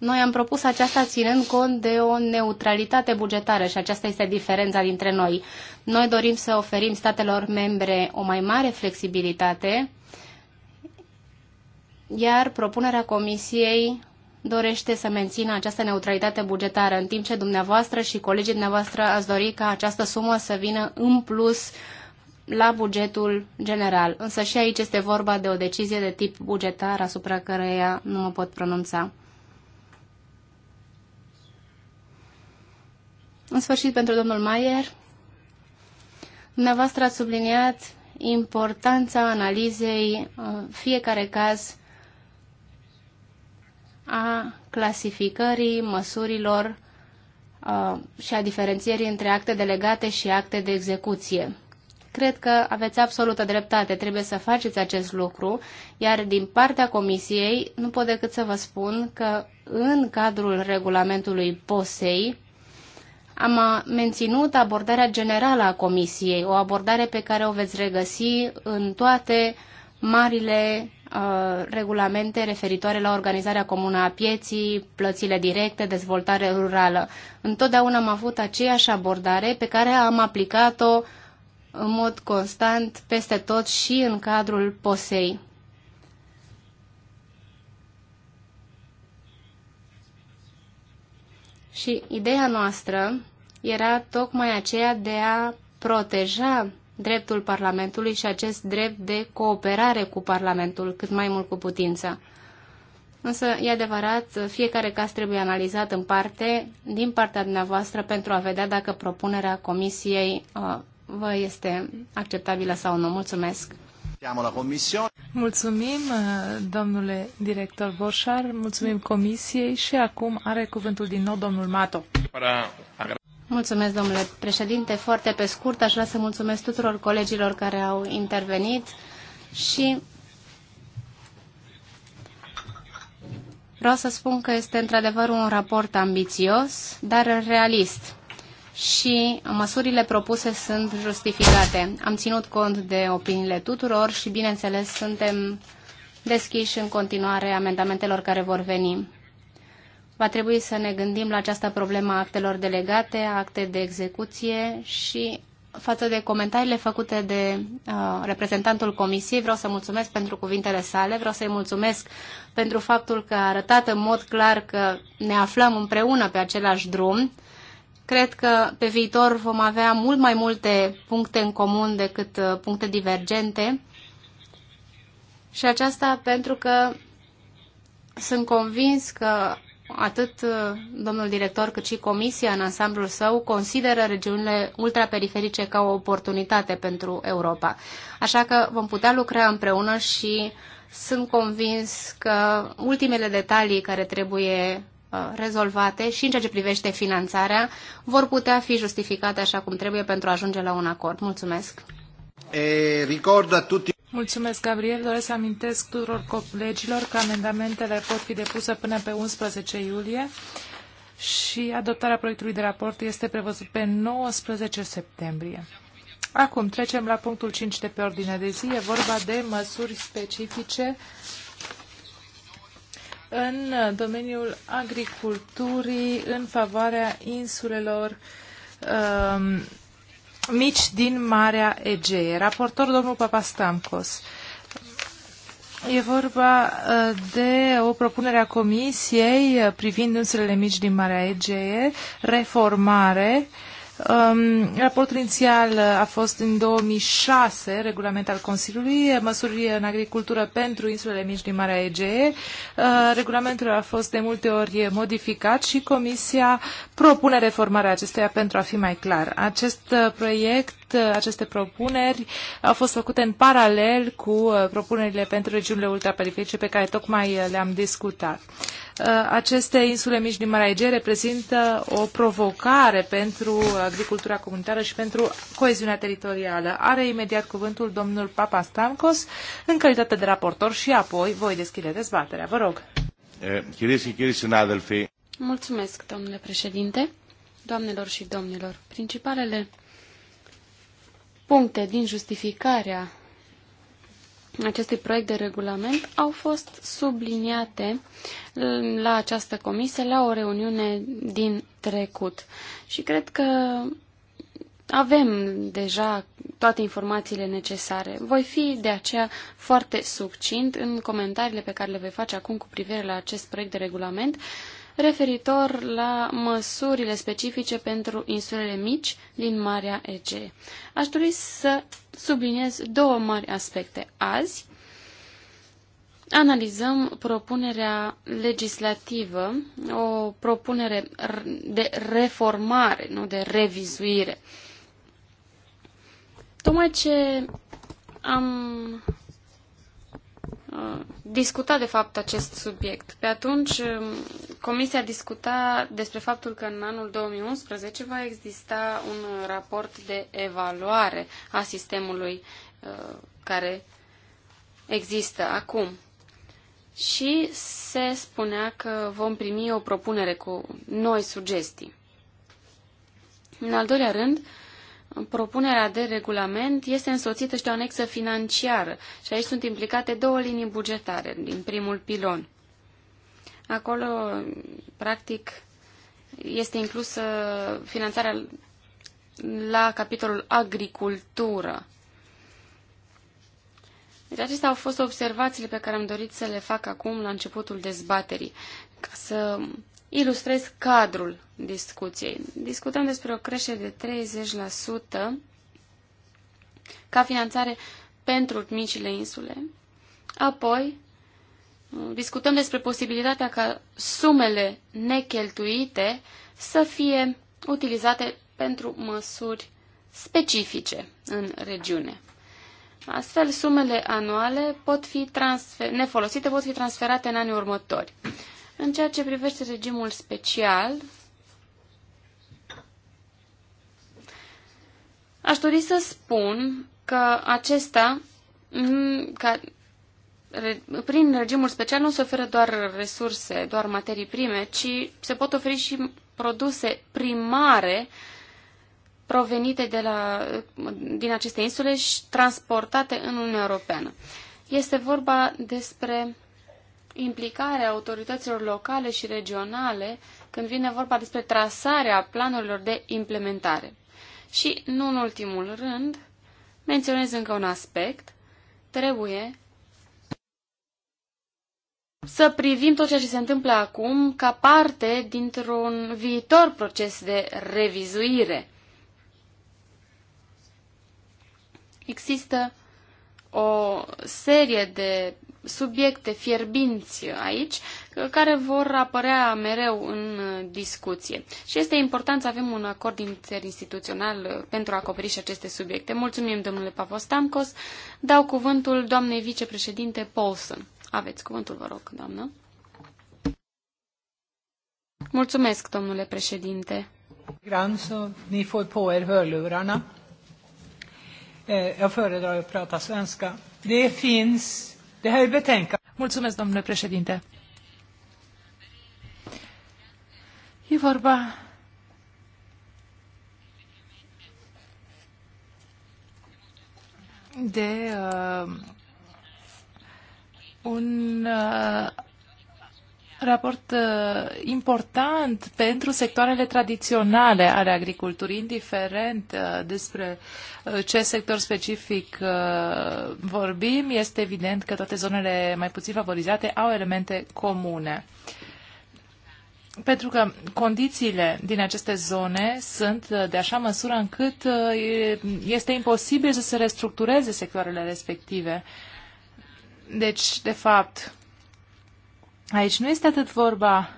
noi am propus aceasta ținând cont de o neutralitate bugetară și aceasta este diferența dintre noi. Noi dorim să oferim statelor membre o mai mare flexibilitate, iar propunerea Comisiei dorește să mențină această neutralitate bugetară, în timp ce dumneavoastră și colegii dumneavoastră ați dori ca această sumă să vină în plus la bugetul general. Însă și aici este vorba de o decizie de tip bugetar asupra căreia nu mă pot pronunța. În sfârșit, pentru domnul Maier, dumneavoastră ați subliniat importanța analizei în uh, fiecare caz a clasificării măsurilor uh, și a diferențierii între acte delegate și acte de execuție. Cred că aveți absolută dreptate, trebuie să faceți acest lucru, iar din partea Comisiei nu pot decât să vă spun că în cadrul regulamentului POSEI, am uh, menținut abordarea generală a Comisiei, o abordare pe care o veți regăsi în toate marile uh, regulamente referitoare la organizarea comună a pieții, plățile directe, dezvoltare rurală. Întotdeauna am avut aceeași abordare pe care am aplicat-o în mod constant peste tot și în cadrul POSEI. Și ideea noastră era tocmai aceea de a proteja dreptul Parlamentului și acest drept de cooperare cu Parlamentul cât mai mult cu putință. Însă, e adevărat, fiecare caz trebuie analizat în parte, din partea dumneavoastră, pentru a vedea dacă propunerea Comisiei uh, vă este acceptabilă sau nu. Mulțumesc! Mulțumim, eh, domnule director Borșar, mulțumim comisiei și acum are cuvântul din nou domnul Mato. Mulțumesc, domnule președinte. Foarte pe scurt, aș vrea să mulțumesc tuturor colegilor care au intervenit și vreau să spun că este într-adevăr un raport ambițios, dar realist și măsurile propuse sunt justificate. Am ținut cont de opiniile tuturor și, bineînțeles, suntem deschiși în continuare amendamentelor care vor veni. Va trebui să ne gândim la această problemă a actelor delegate, a acte de execuție și față de comentariile făcute de uh, reprezentantul Comisiei, vreau să mulțumesc pentru cuvintele sale, vreau să-i mulțumesc pentru faptul că a arătat în mod clar că ne aflăm împreună pe același drum Cred că pe viitor vom avea mult mai multe puncte în comun decât uh, puncte divergente și aceasta pentru că sunt convins că atât uh, domnul director cât și comisia în ansamblul său consideră regiunile ultraperiferice ca o oportunitate pentru Europa. Așa că vom putea lucra împreună și sunt convins că ultimele detalii care trebuie Uh, rezolvate și în ceea ce privește finanțarea vor putea fi justificate așa cum trebuie pentru a ajunge la un acord. Mulțumesc! E, ricorda tutti... Mulțumesc, Gabriel. Doresc să amintesc tuturor colegilor că amendamentele pot fi depuse până pe 11 iulie și adoptarea proiectului de raport este prevăzut pe 19 septembrie. Acum trecem la punctul 5 de pe ordine de zi. E vorba de măsuri specifice în domeniul agriculturii în favoarea insulelor um, mici din Marea Egee. Raportor domnul Papastamkos. E vorba uh, de o propunere a Comisiei uh, privind insulele mici din Marea Egee, reformare uh, Um, raportul inițial a fost în 2006, regulament al Consiliului, măsuri în agricultură pentru insulele mici din Marea Egee. Uh, regulamentul a fost de multe ori modificat și Comisia propune reformarea acesteia pentru a fi mai clar. Acest uh, proiect Uh, aceste propuneri au fost făcute în paralel cu uh, propunerile pentru regiunile ultraperiferice pe care tocmai uh, le-am discutat. Aceste insule mici din Marea Egee reprezintă o provocare pentru agricultura comunitară și pentru coeziunea teritorială. Are imediat cuvântul domnul Papa Stamkos în calitate de raportor și apoi voi deschide dezbaterea. Vă rog. Eh, Mulțumesc, domnule președinte. Doamnelor și domnilor, principalele puncte din justificarea acestui proiect de regulament au fost subliniate la această comisie, la o reuniune din trecut. Și cred că avem deja toate informațiile necesare. Voi fi de aceea foarte succint în comentariile pe care le voi face acum cu privire la acest proiect de regulament referitor la măsurile specifice pentru insulele mici din Marea Egee. Aș dori să subliniez două mari aspecte. Azi analizăm propunerea legislativă, o propunere de reformare, nu de revizuire. Tocmai ce am discuta, de fapt, acest subiect. Pe atunci, um, Comisia discuta despre faptul că în anul 2011 va exista un raport de evaluare a sistemului uh, care există acum. Și se spunea că vom primi o propunere cu noi sugestii. În al doilea rând, propunerea de regulament este însoțită și de o anexă financiară și aici sunt implicate două linii bugetare din primul pilon. Acolo, practic, este inclusă finanțarea la capitolul agricultură. Deci acestea au fost observațiile pe care am dorit să le fac acum la începutul dezbaterii, ca să ilustrez cadrul discuției. Discutăm despre o creștere de 30% ca finanțare pentru micile insule. Apoi, discutăm despre posibilitatea ca sumele necheltuite să fie utilizate pentru măsuri specifice în regiune. Astfel, sumele anuale pot fi nefolosite pot fi transferate în anii următori. În ceea ce privește regimul special, aș dori să spun că acesta, că prin regimul special nu se oferă doar resurse, doar materii prime, ci se pot oferi și produse primare provenite de la, din aceste insule și transportate în Uniunea Europeană. Este vorba despre implicarea autorităților locale și regionale când vine vorba despre trasarea planurilor de implementare. Și, nu în ultimul rând, menționez încă un aspect. Trebuie să privim tot ceea ce se întâmplă acum ca parte dintr-un viitor proces de revizuire. Există o serie de subiecte fierbinți aici, care vor apărea mereu în discuție. Și este important să avem un acord interinstituțional pentru a acoperi și aceste subiecte. Mulțumim, domnule Pavostamcos. Dau cuvântul doamnei vicepreședinte Paulson. Aveți cuvântul, vă rog, doamnă. Mulțumesc, domnule președinte. Grann, så ni får på er hörlurarna. Eh, jag föredrar att prata svenska. Det finns Det här Mulțumesc, domnule președinte. E vorba de uh, un uh, raport uh, important pentru sectoarele tradiționale ale agriculturii, indiferent uh, despre uh, ce sector specific uh, vorbim, este evident că toate zonele mai puțin favorizate au elemente comune. Pentru că condițiile din aceste zone sunt uh, de așa măsură încât uh, este imposibil să se restructureze sectoarele respective. Deci, de fapt, Aici nu este atât vorba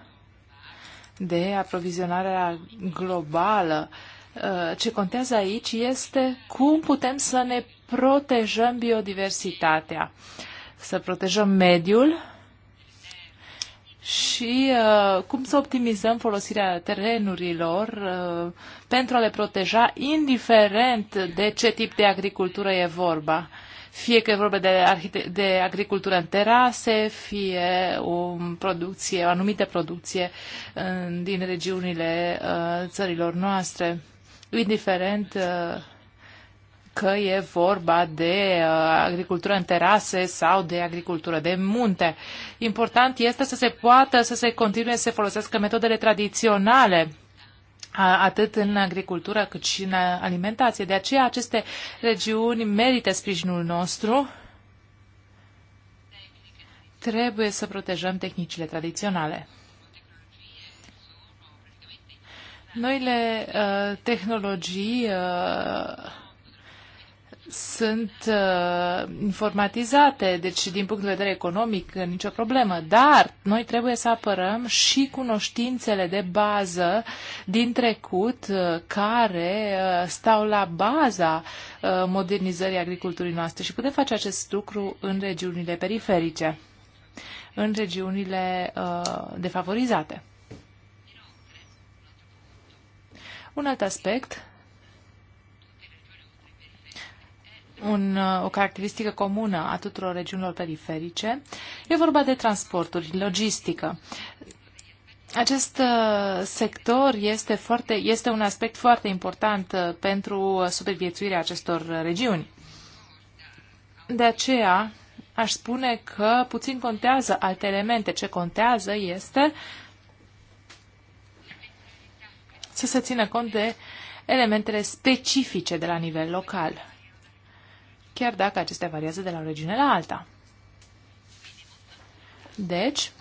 de aprovizionarea globală. Uh, ce contează aici este cum putem să ne protejăm biodiversitatea, să protejăm mediul și uh, cum să optimizăm folosirea terenurilor uh, pentru a le proteja, indiferent de ce tip de agricultură e vorba fie că e vorba de, de agricultură în terase, fie o producție, o anumită producție din regiunile uh, țărilor noastre, indiferent uh, că e vorba de uh, agricultură în terase sau de agricultură de munte. Important este să se poată să se continue să se folosească metodele tradiționale atât în agricultură cât și în alimentație. De aceea aceste regiuni merită sprijinul nostru. Trebuie să protejăm tehnicile tradiționale. Noile uh, tehnologii uh, sunt uh, informatizate, deci din punct de vedere economic uh, nicio problemă, dar noi trebuie să apărăm și cunoștințele de bază din trecut uh, care uh, stau la baza uh, modernizării agriculturii noastre și putem face acest lucru în regiunile periferice, în regiunile uh, defavorizate. Un alt aspect un, uh, o caracteristică comună a tuturor regiunilor periferice. E vorba de transporturi, logistică. Acest uh, sector este, foarte, este un aspect foarte important uh, pentru supraviețuirea acestor regiuni. De aceea, aș spune că puțin contează alte elemente. Ce contează este să se țină cont de elementele specifice de la nivel local chiar dacă acestea variază de la o regiune la alta. Deci,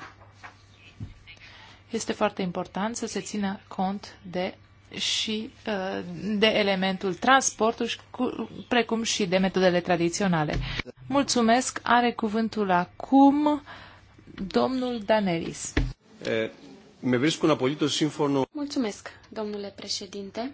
este foarte important să se țină cont de și uh, de elementul transportul, precum și de metodele tradiționale. Mulțumesc. Are cuvântul acum domnul Danelis. Eh, un Mulțumesc, domnule președinte.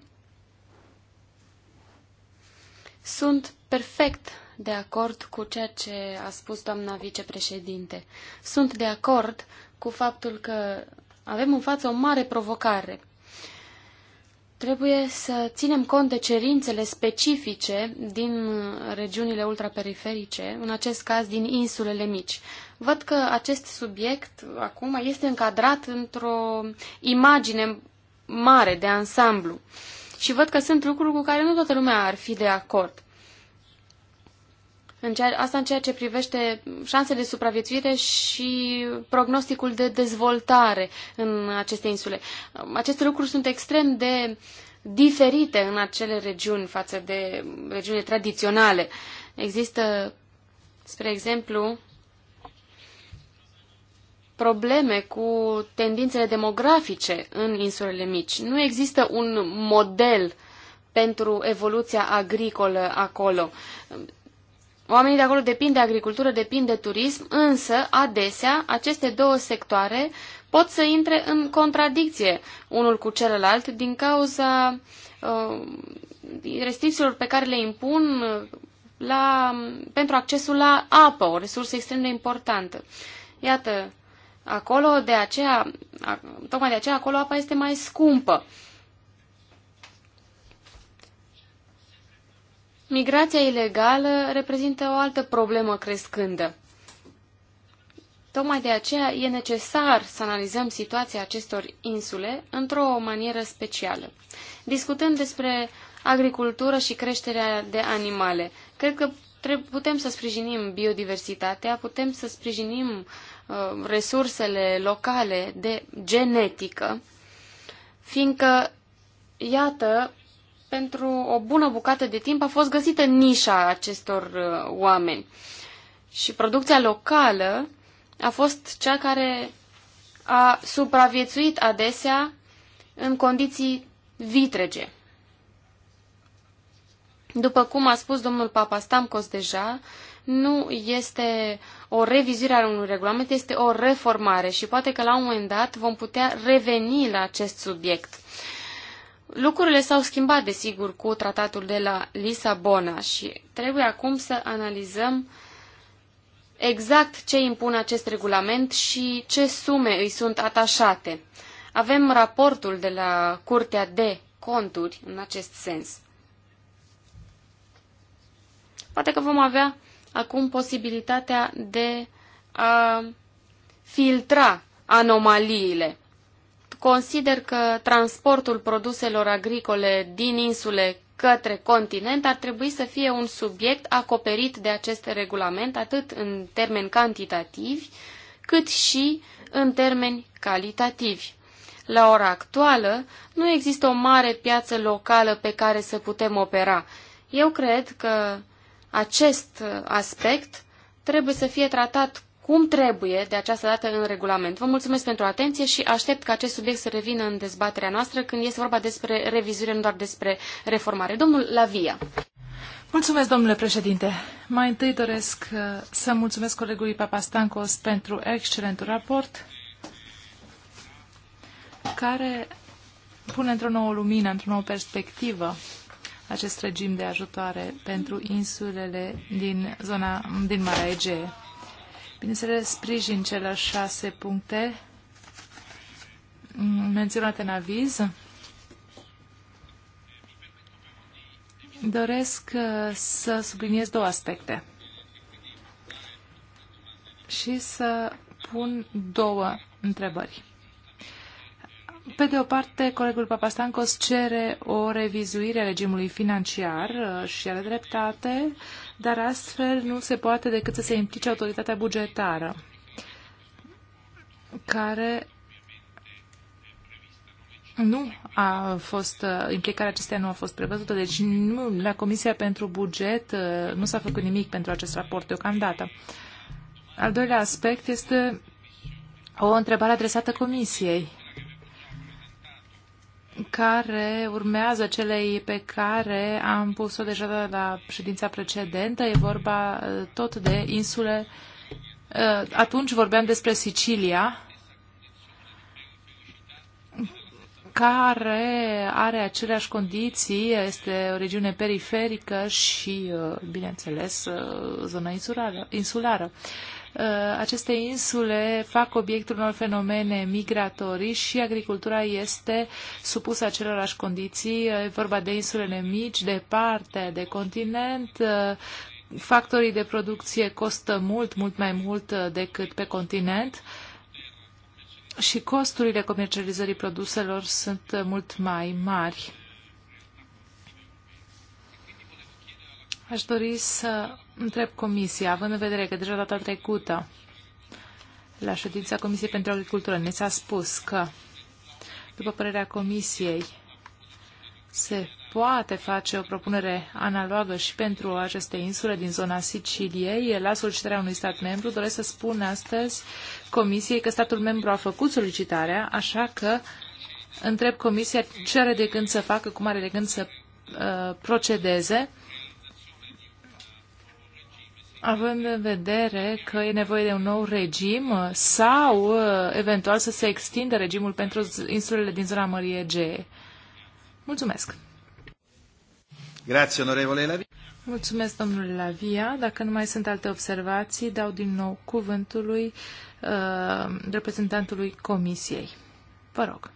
Sunt perfect de acord cu ceea ce a spus doamna vicepreședinte. Sunt de acord cu faptul că avem în față o mare provocare. Trebuie să ținem cont de cerințele specifice din regiunile ultraperiferice, în acest caz din insulele mici. Văd că acest subiect acum este încadrat într-o imagine mare de ansamblu și văd că sunt lucruri cu care nu toată lumea ar fi de acord. În ceea, asta în ceea ce privește șansele de supraviețuire și prognosticul de dezvoltare în aceste insule. Aceste lucruri sunt extrem de diferite în acele regiuni față de regiunile tradiționale. Există, spre exemplu, probleme cu tendințele demografice în insulele mici. Nu există un model pentru evoluția agricolă acolo. Oamenii de acolo depind de agricultură, depind de turism, însă, adesea, aceste două sectoare pot să intre în contradicție unul cu celălalt din cauza uh, restricțiilor pe care le impun uh, la, pentru accesul la apă, o resursă extrem de importantă. Iată, acolo, de aceea, tocmai de aceea, acolo apa este mai scumpă. Uh, Migrația ilegală reprezintă o altă problemă crescândă. Tocmai de aceea e necesar să analizăm situația acestor insule într-o manieră specială. discutând despre agricultură și creșterea de animale. Cred că putem să sprijinim biodiversitatea, putem să sprijinim uh, resursele locale de genetică, fiindcă, iată, pentru o bună bucată de timp a fost găsită nișa acestor uh, oameni. Și producția locală a fost cea care a supraviețuit adesea în condiții vitrege. După cum a spus domnul papa, Stamcos deja, nu este o revizuire a unui regulament, este o reformare și poate că la un moment dat vom putea reveni la acest subiect. Lucrurile s-au schimbat, desigur, cu tratatul de la Lisabona și trebuie acum să analizăm exact ce impune acest regulament și ce sume îi sunt atașate. Avem raportul de la Curtea de Conturi în acest sens. Poate că vom avea acum posibilitatea de a filtra anomaliile consider că transportul produselor agricole din insule către continent ar trebui să fie un subiect acoperit de acest regulament, atât în termeni cantitativi, cât și în termeni calitativi. La ora actuală, nu există o mare piață locală pe care să putem opera. Eu cred că acest aspect trebuie să fie tratat cum trebuie de această dată în regulament. Vă mulțumesc pentru atenție și aștept ca acest subiect să revină în dezbaterea noastră când este vorba despre revizuire, nu doar despre reformare. Domnul Lavia. Mulțumesc, domnule președinte. Mai întâi doresc uh, să mulțumesc colegului Papastancos pentru excelentul raport care pune într-o nouă lumină, într-o nouă perspectivă acest regim de ajutoare pentru insulele din zona din Marea Egee. Bineînțeles, sprijin cele șase puncte menționate în aviz. Doresc uh, să subliniez două aspecte și să pun două întrebări. Pe de o parte, colegul Papastancos cere o revizuire a regimului financiar uh, și are dreptate, dar astfel nu se poate decât să se implice autoritatea bugetară, care nu a fost, uh, implicarea acestea nu a fost prevăzută, deci nu, la Comisia pentru Buget uh, nu s-a făcut nimic pentru acest raport deocamdată. Al doilea aspect este o întrebare adresată Comisiei care urmează celei pe care am pus-o deja de la ședința precedentă. E vorba uh, tot de insule. Uh, atunci vorbeam despre Sicilia, care are aceleași condiții, este o regiune periferică și, uh, bineînțeles, zona insulară. insulară. Uh, aceste insule fac obiectul unor fenomene migratorii și agricultura este supusă acelorași condiții. Uh, e vorba de insulele mici, departe de continent, uh, factorii de producție costă mult, mult mai mult decât pe continent și costurile comercializării produselor sunt mult mai mari. Aș dori să întreb Comisia, având în vedere că deja data trecută, la ședința Comisiei pentru Agricultură, ne s-a spus că, după părerea Comisiei, se poate face o propunere analogă și pentru aceste insule din zona Siciliei. La solicitarea unui stat membru doresc să spun astăzi Comisiei că statul membru a făcut solicitarea, așa că întreb Comisia ce are de gând să facă, cum are de gând să uh, procedeze având în vedere că e nevoie de un nou regim uh, sau uh, eventual să se extindă regimul pentru insulele din zona Mării Egee. Mulțumesc! Grazie, onorevole Lavia. Mulțumesc, domnule Lavia. Dacă nu mai sunt alte observații, dau din nou cuvântul lui uh, reprezentantului Comisiei. Vă rog.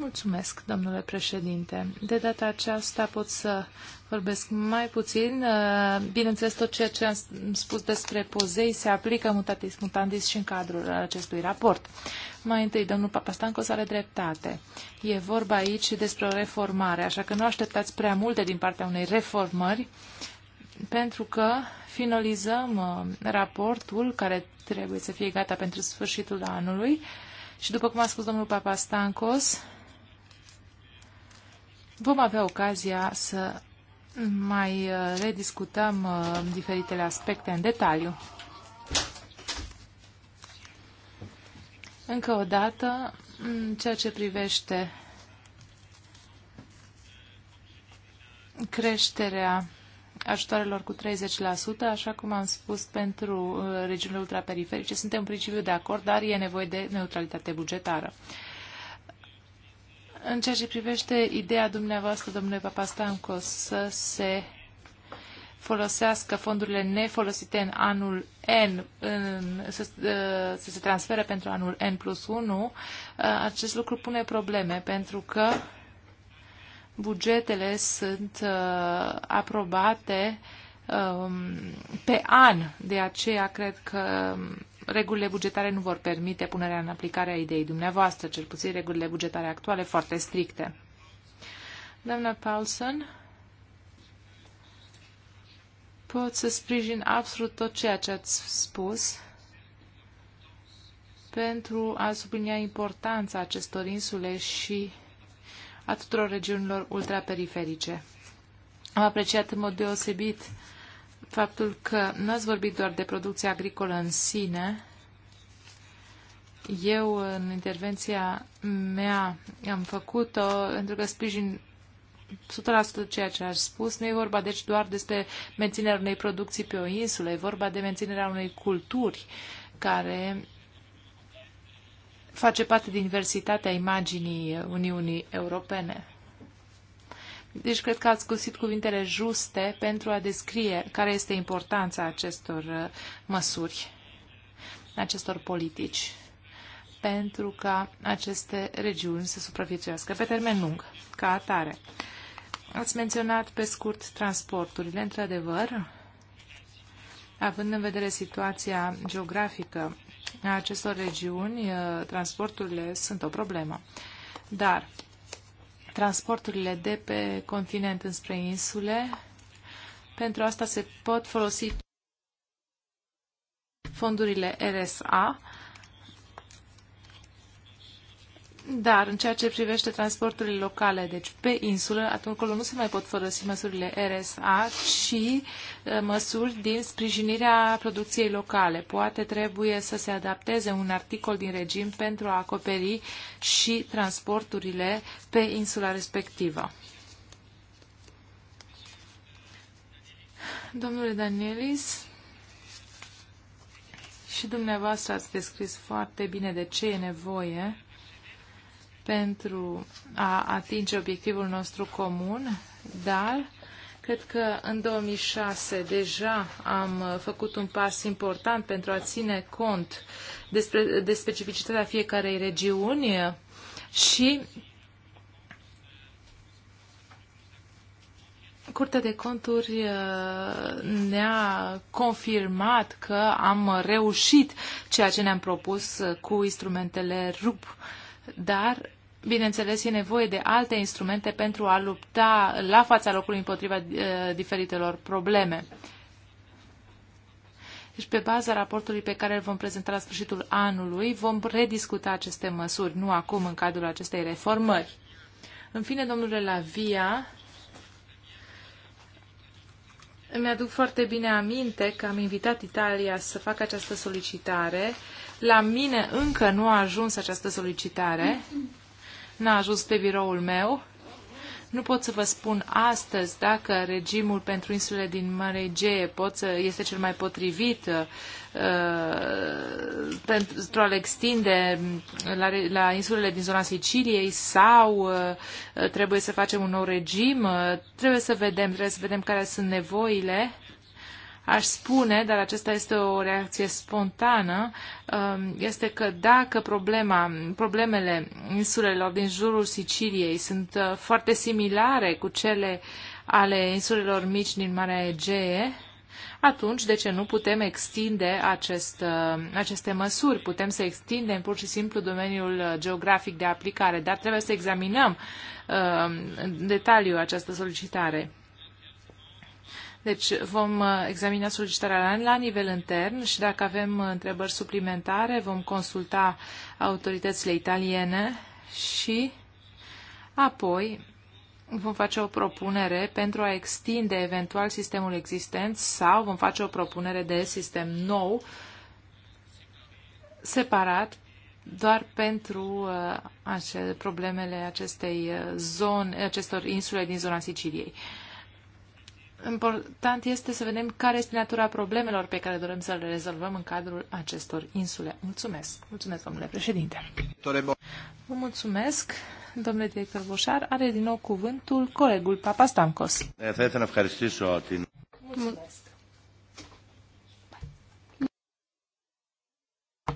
Mulțumesc, domnule președinte. De data aceasta pot să vorbesc mai puțin. Uh, bineînțeles, tot ceea ce am spus despre pozei se aplică mutatis mutandis și în cadrul acestui raport. Mai întâi, domnul s are dreptate. E vorba aici despre o reformare, așa că nu așteptați prea multe din partea unei reformări, pentru că finalizăm uh, raportul care trebuie să fie gata pentru sfârșitul anului și, după cum a spus domnul Papastancos, Vom avea ocazia să mai uh, rediscutăm uh, diferitele aspecte în detaliu. Încă o dată, în ceea ce privește creșterea ajutoarelor cu 30%, așa cum am spus, pentru uh, regiunile ultraperiferice. Suntem în principiu de acord, dar e nevoie de neutralitate bugetară. În ceea ce privește ideea dumneavoastră, domnule Papastancu, să se folosească fondurile nefolosite în anul N, în, să, ă, să se transfere pentru anul N plus 1, ă, acest lucru pune probleme, pentru că bugetele sunt ă, aprobate pe an, de aceea cred că regulile bugetare nu vor permite punerea în aplicare a ideii dumneavoastră, cel puțin regulile bugetare actuale foarte stricte. Doamna Paulson, pot să sprijin absolut tot ceea ce ați spus pentru a sublinia importanța acestor insule și a tuturor regiunilor ultraperiferice. Am apreciat în mod deosebit faptul că nu ați vorbit doar de producția agricolă în sine. Eu, în intervenția mea, am făcut-o pentru că sprijin 100% ceea ce aș spus. Nu e vorba, deci, doar despre menținerea unei producții pe o insulă, e vorba de menținerea unei culturi care face parte din diversitatea imaginii Uniunii Europene. Deci cred că ați găsit cuvintele juste pentru a descrie care este importanța acestor uh, măsuri, acestor politici, pentru ca aceste regiuni să supraviețuiască pe termen lung, ca atare. Ați menționat pe scurt transporturile, într-adevăr, având în vedere situația geografică a acestor regiuni, uh, transporturile sunt o problemă. Dar transporturile de pe continent înspre insule. Pentru asta se pot folosi fondurile RSA Dar în ceea ce privește transporturile locale, deci pe insulă, atunci nu se mai pot folosi măsurile RSA, ci măsuri din sprijinirea producției locale. Poate trebuie să se adapteze un articol din regim pentru a acoperi și transporturile pe insula respectivă. Domnule Danielis, și dumneavoastră ați descris foarte bine de ce e nevoie pentru a atinge obiectivul nostru comun, dar cred că în 2006 deja am făcut un pas important pentru a ține cont despre, de specificitatea fiecarei regiuni și Curtea de Conturi uh, ne-a confirmat că am reușit ceea ce ne-am propus uh, cu instrumentele RUP, dar Bineînțeles, e nevoie de alte instrumente pentru a lupta la fața locului împotriva eh, diferitelor probleme. Deci, pe baza raportului pe care îl vom prezenta la sfârșitul anului, vom rediscuta aceste măsuri, nu acum în cadrul acestei reformări. În fine, domnule Lavia, îmi aduc foarte bine aminte că am invitat Italia să facă această solicitare. La mine încă nu a ajuns această solicitare. Mm-hmm n-a ajuns pe biroul meu. Nu pot să vă spun astăzi dacă regimul pentru insulele din Mare Egee pot să, este cel mai potrivit uh, pentru a-l extinde la, la insulele din zona Siciliei sau uh, trebuie să facem un nou regim. Uh, trebuie să vedem, trebuie să vedem care sunt nevoile aș spune, dar acesta este o reacție spontană, um, este că dacă problema, problemele insulelor din jurul Siciliei sunt uh, foarte similare cu cele ale insulelor mici din Marea Egee, atunci de ce nu putem extinde acest, uh, aceste măsuri? Putem să extindem pur și simplu domeniul uh, geografic de aplicare, dar trebuie să examinăm uh, în detaliu această solicitare. Deci vom uh, examina solicitarea la, la nivel intern și dacă avem uh, întrebări suplimentare vom consulta autoritățile italiene și apoi vom face o propunere pentru a extinde eventual sistemul existent sau vom face o propunere de sistem nou separat doar pentru uh, ace- problemele acestei uh, zone, acestor insule din zona Siciliei. Important este să vedem care este natura problemelor pe care dorim să le rezolvăm în cadrul acestor insule. Mulțumesc. Mulțumesc, domnule președinte. Vă mulțumesc, domnule director Boșar. Are din nou cuvântul colegul Papa Stamcos. Eh,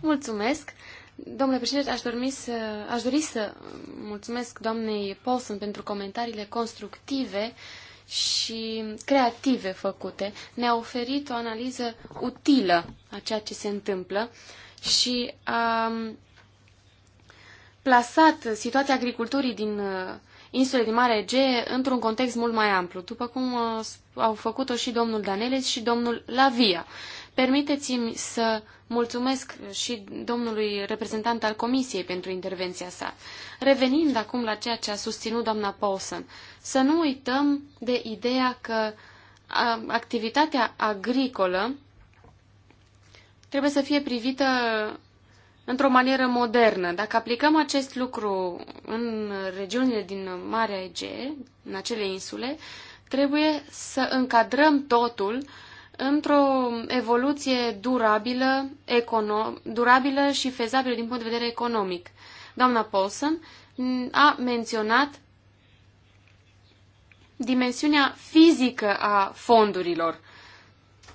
mulțumesc. Domnule președinte, aș, dormi să, aș dori să mulțumesc doamnei Paulson pentru comentariile constructive uh, și creative făcute. Ne-a oferit o analiză utilă a ceea ce se întâmplă și a um, plasat situația agriculturii din uh, insule din Mare Egee într-un context mult mai amplu, după cum uh, au făcut-o și domnul Danelis și domnul Lavia. Permiteți-mi să mulțumesc și domnului reprezentant al Comisiei pentru intervenția sa. Revenind acum la ceea ce a susținut doamna Paulson, să nu uităm de ideea că activitatea agricolă trebuie să fie privită într-o manieră modernă. Dacă aplicăm acest lucru în regiunile din Marea Egee, în acele insule, trebuie să încadrăm totul uh, într-o evoluție durabilă, durabilă și fezabilă din punct de vedere economic. Doamna Paulson a menționat dimensiunea fizică a fondurilor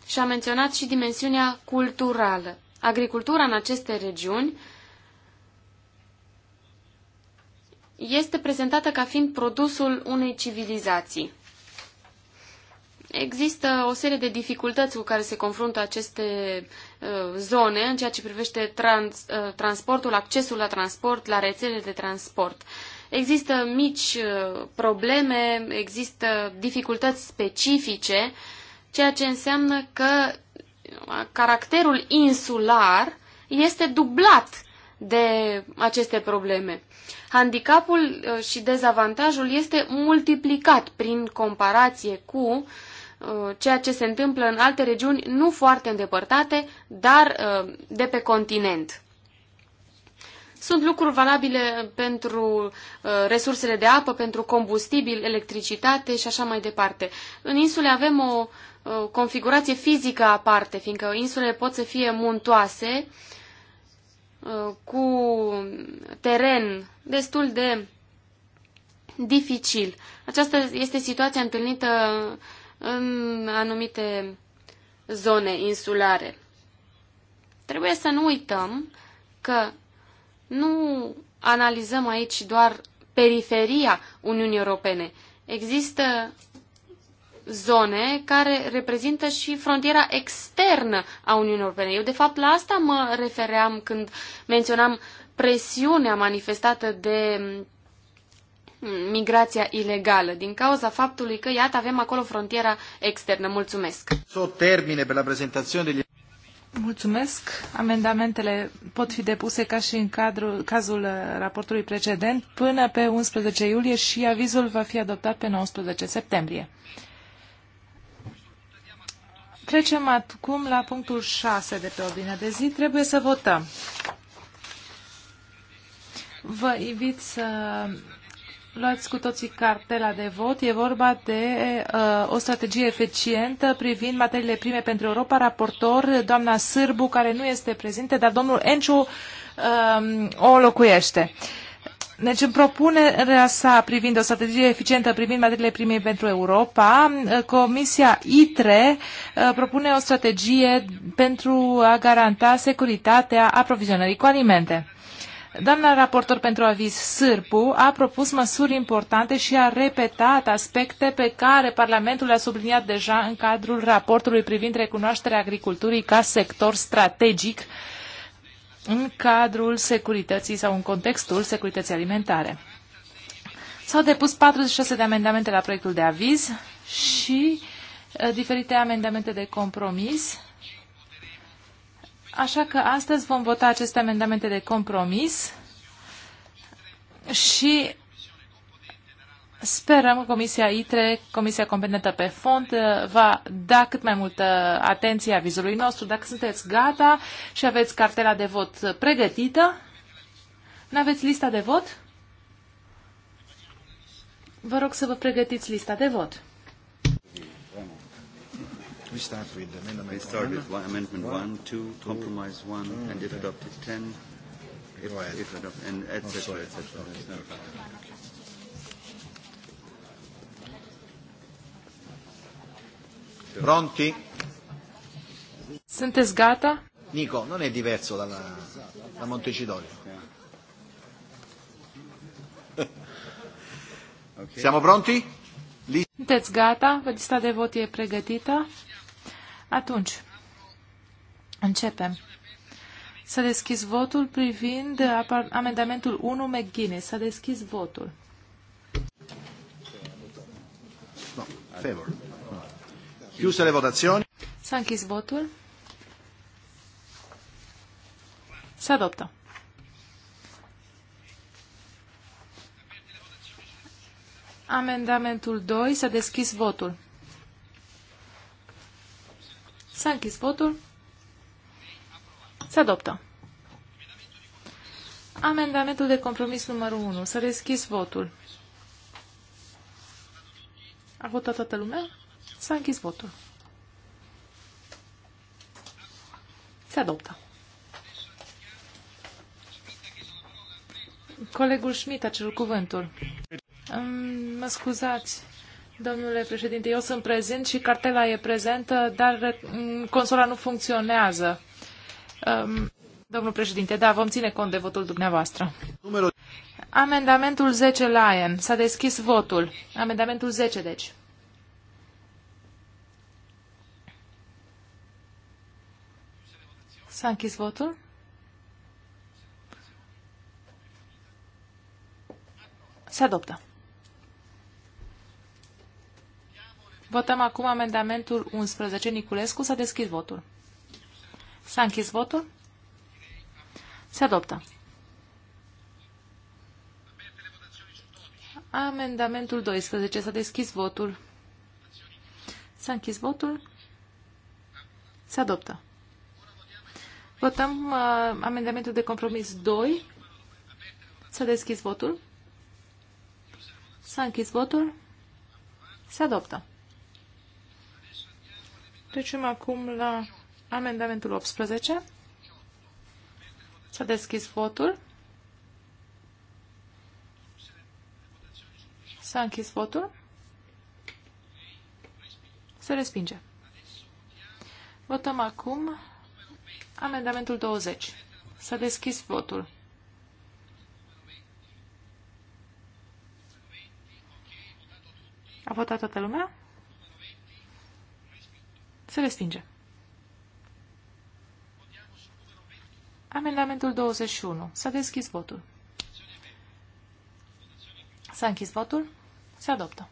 și a menționat și dimensiunea culturală. Agricultura în aceste regiuni este prezentată ca fiind produsul unei civilizații. Există o serie de dificultăți cu care se confruntă aceste uh, zone în ceea ce privește trans, uh, transportul, accesul la transport, la rețele de transport. Există mici uh, probleme, există dificultăți specifice, ceea ce înseamnă că caracterul insular este dublat de aceste probleme. Handicapul și dezavantajul este multiplicat prin comparație cu Uh, ceea ce se întâmplă în alte regiuni nu foarte îndepărtate, dar uh, de pe continent. Sunt lucruri valabile pentru uh, resursele de apă, pentru combustibil, electricitate și așa mai departe. În insule avem o configurație fizică aparte, fiindcă insulele pot să fie muntoase, cu teren destul de dificil. Aceasta este situația întâlnită în anumite zone insulare. Trebuie să nu uităm că nu analizăm aici doar periferia Uniunii Europene. Există zone care reprezintă și frontiera externă a Uniunii Europene. Eu, de fapt, la asta mă refeream când menționam presiunea manifestată de migrația ilegală, din cauza faptului că, iată, avem acolo frontiera externă. Mulțumesc! O termine pe la Mulțumesc! Amendamentele pot fi depuse ca și în cadrul, cazul uh, raportului precedent până pe 11 iulie și avizul va fi adoptat pe 19 septembrie. Trecem acum la punctul 6 de pe ordinea de zi. Trebuie să votăm. Vă invit să luați cu toții cartela de vot. E vorba de uh, o strategie eficientă privind materiile prime pentru Europa. Raportor, doamna Sârbu, care nu este prezentă, dar domnul Enciu uh, o locuiește. Deci, în propunerea sa privind o strategie eficientă privind materiile prime pentru Europa, uh, Comisia ITRE uh, propune o strategie pentru a garanta securitatea aprovizionării cu alimente. Doamna raportor pentru aviz Sârbu a propus măsuri importante și a repetat aspecte pe care Parlamentul le-a subliniat deja în cadrul raportului privind recunoașterea agriculturii ca sector strategic în cadrul securității sau în contextul securității alimentare. S-au depus 46 de amendamente la proiectul de aviz și eh, diferite amendamente de compromis Așa că astăzi vom vota aceste amendamente de compromis și sperăm că Comisia ITRE, Comisia competentă pe fond, uh, va da cât mai multă atenție avizului nostru. Dacă sunteți gata și aveți cartela de vot pregătită, nu aveți lista de vot? Vă rog să vă pregătiți lista de vot. We start with the amendment We start one. with one, amendment one, one two, two, compromise one, mm, and if okay. adopted, ten. If, if adopted, and et oh, cetera, et cetera. Et cetera. Okay. Pronti? Sunteți gata? Nico, non è diverso dalla, da Montecitorio. Okay. [LAUGHS] Siamo pronti? Sunteți gata? Lista de vot e pregătită? Atunci, începem. S-a deschis votul privind amendamentul 1 McGuinness. S-a deschis votul. favor. Chiuse le votazioni. S-a închis votul. Se adoptă. Amendamentul 2. S-a deschis votul. S-a închis votul. Se adoptă. Amendamentul de compromis numărul 1. S-a deschis votul. A votat toată lumea? S-a închis votul. Se adoptă. Colegul Schmidt a cerut cuvântul. Mă scuzați. Domnule președinte, eu sunt prezent și cartela e prezentă, dar mm, consola nu funcționează. Um, domnul președinte, da, vom ține cont de votul dumneavoastră. Amendamentul 10, Lion. S-a deschis votul. Amendamentul 10, deci. S-a închis votul? Se adoptă. Votăm acum amendamentul 11. Niculescu, s-a deschis votul. S-a închis votul. Se adoptă. Amendamentul 12. S-a deschis votul. S-a închis votul. Se adoptă. Votăm uh, amendamentul de compromis 2. S-a deschis votul. S-a închis votul. Se adoptă. Trecem acum la amendamentul 18. S-a deschis votul. S-a închis votul. Se respinge. Votăm acum amendamentul 20. S-a deschis votul. A votat toată lumea? Se respinge. Amendamentul 21. S-a deschis votul. S-a închis votul. Se adoptă.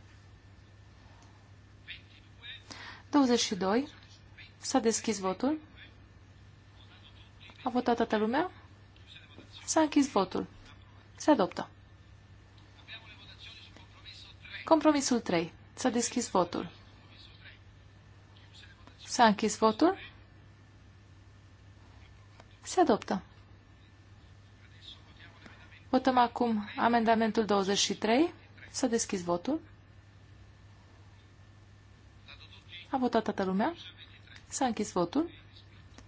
22. S-a deschis votul. A votat toată lumea. S-a închis votul. Se adoptă. Compromisul 3. S-a deschis votul. S-a închis votul. Se adoptă. Votăm acum amendamentul 23. S-a deschis votul. A votat toată lumea. S-a închis votul.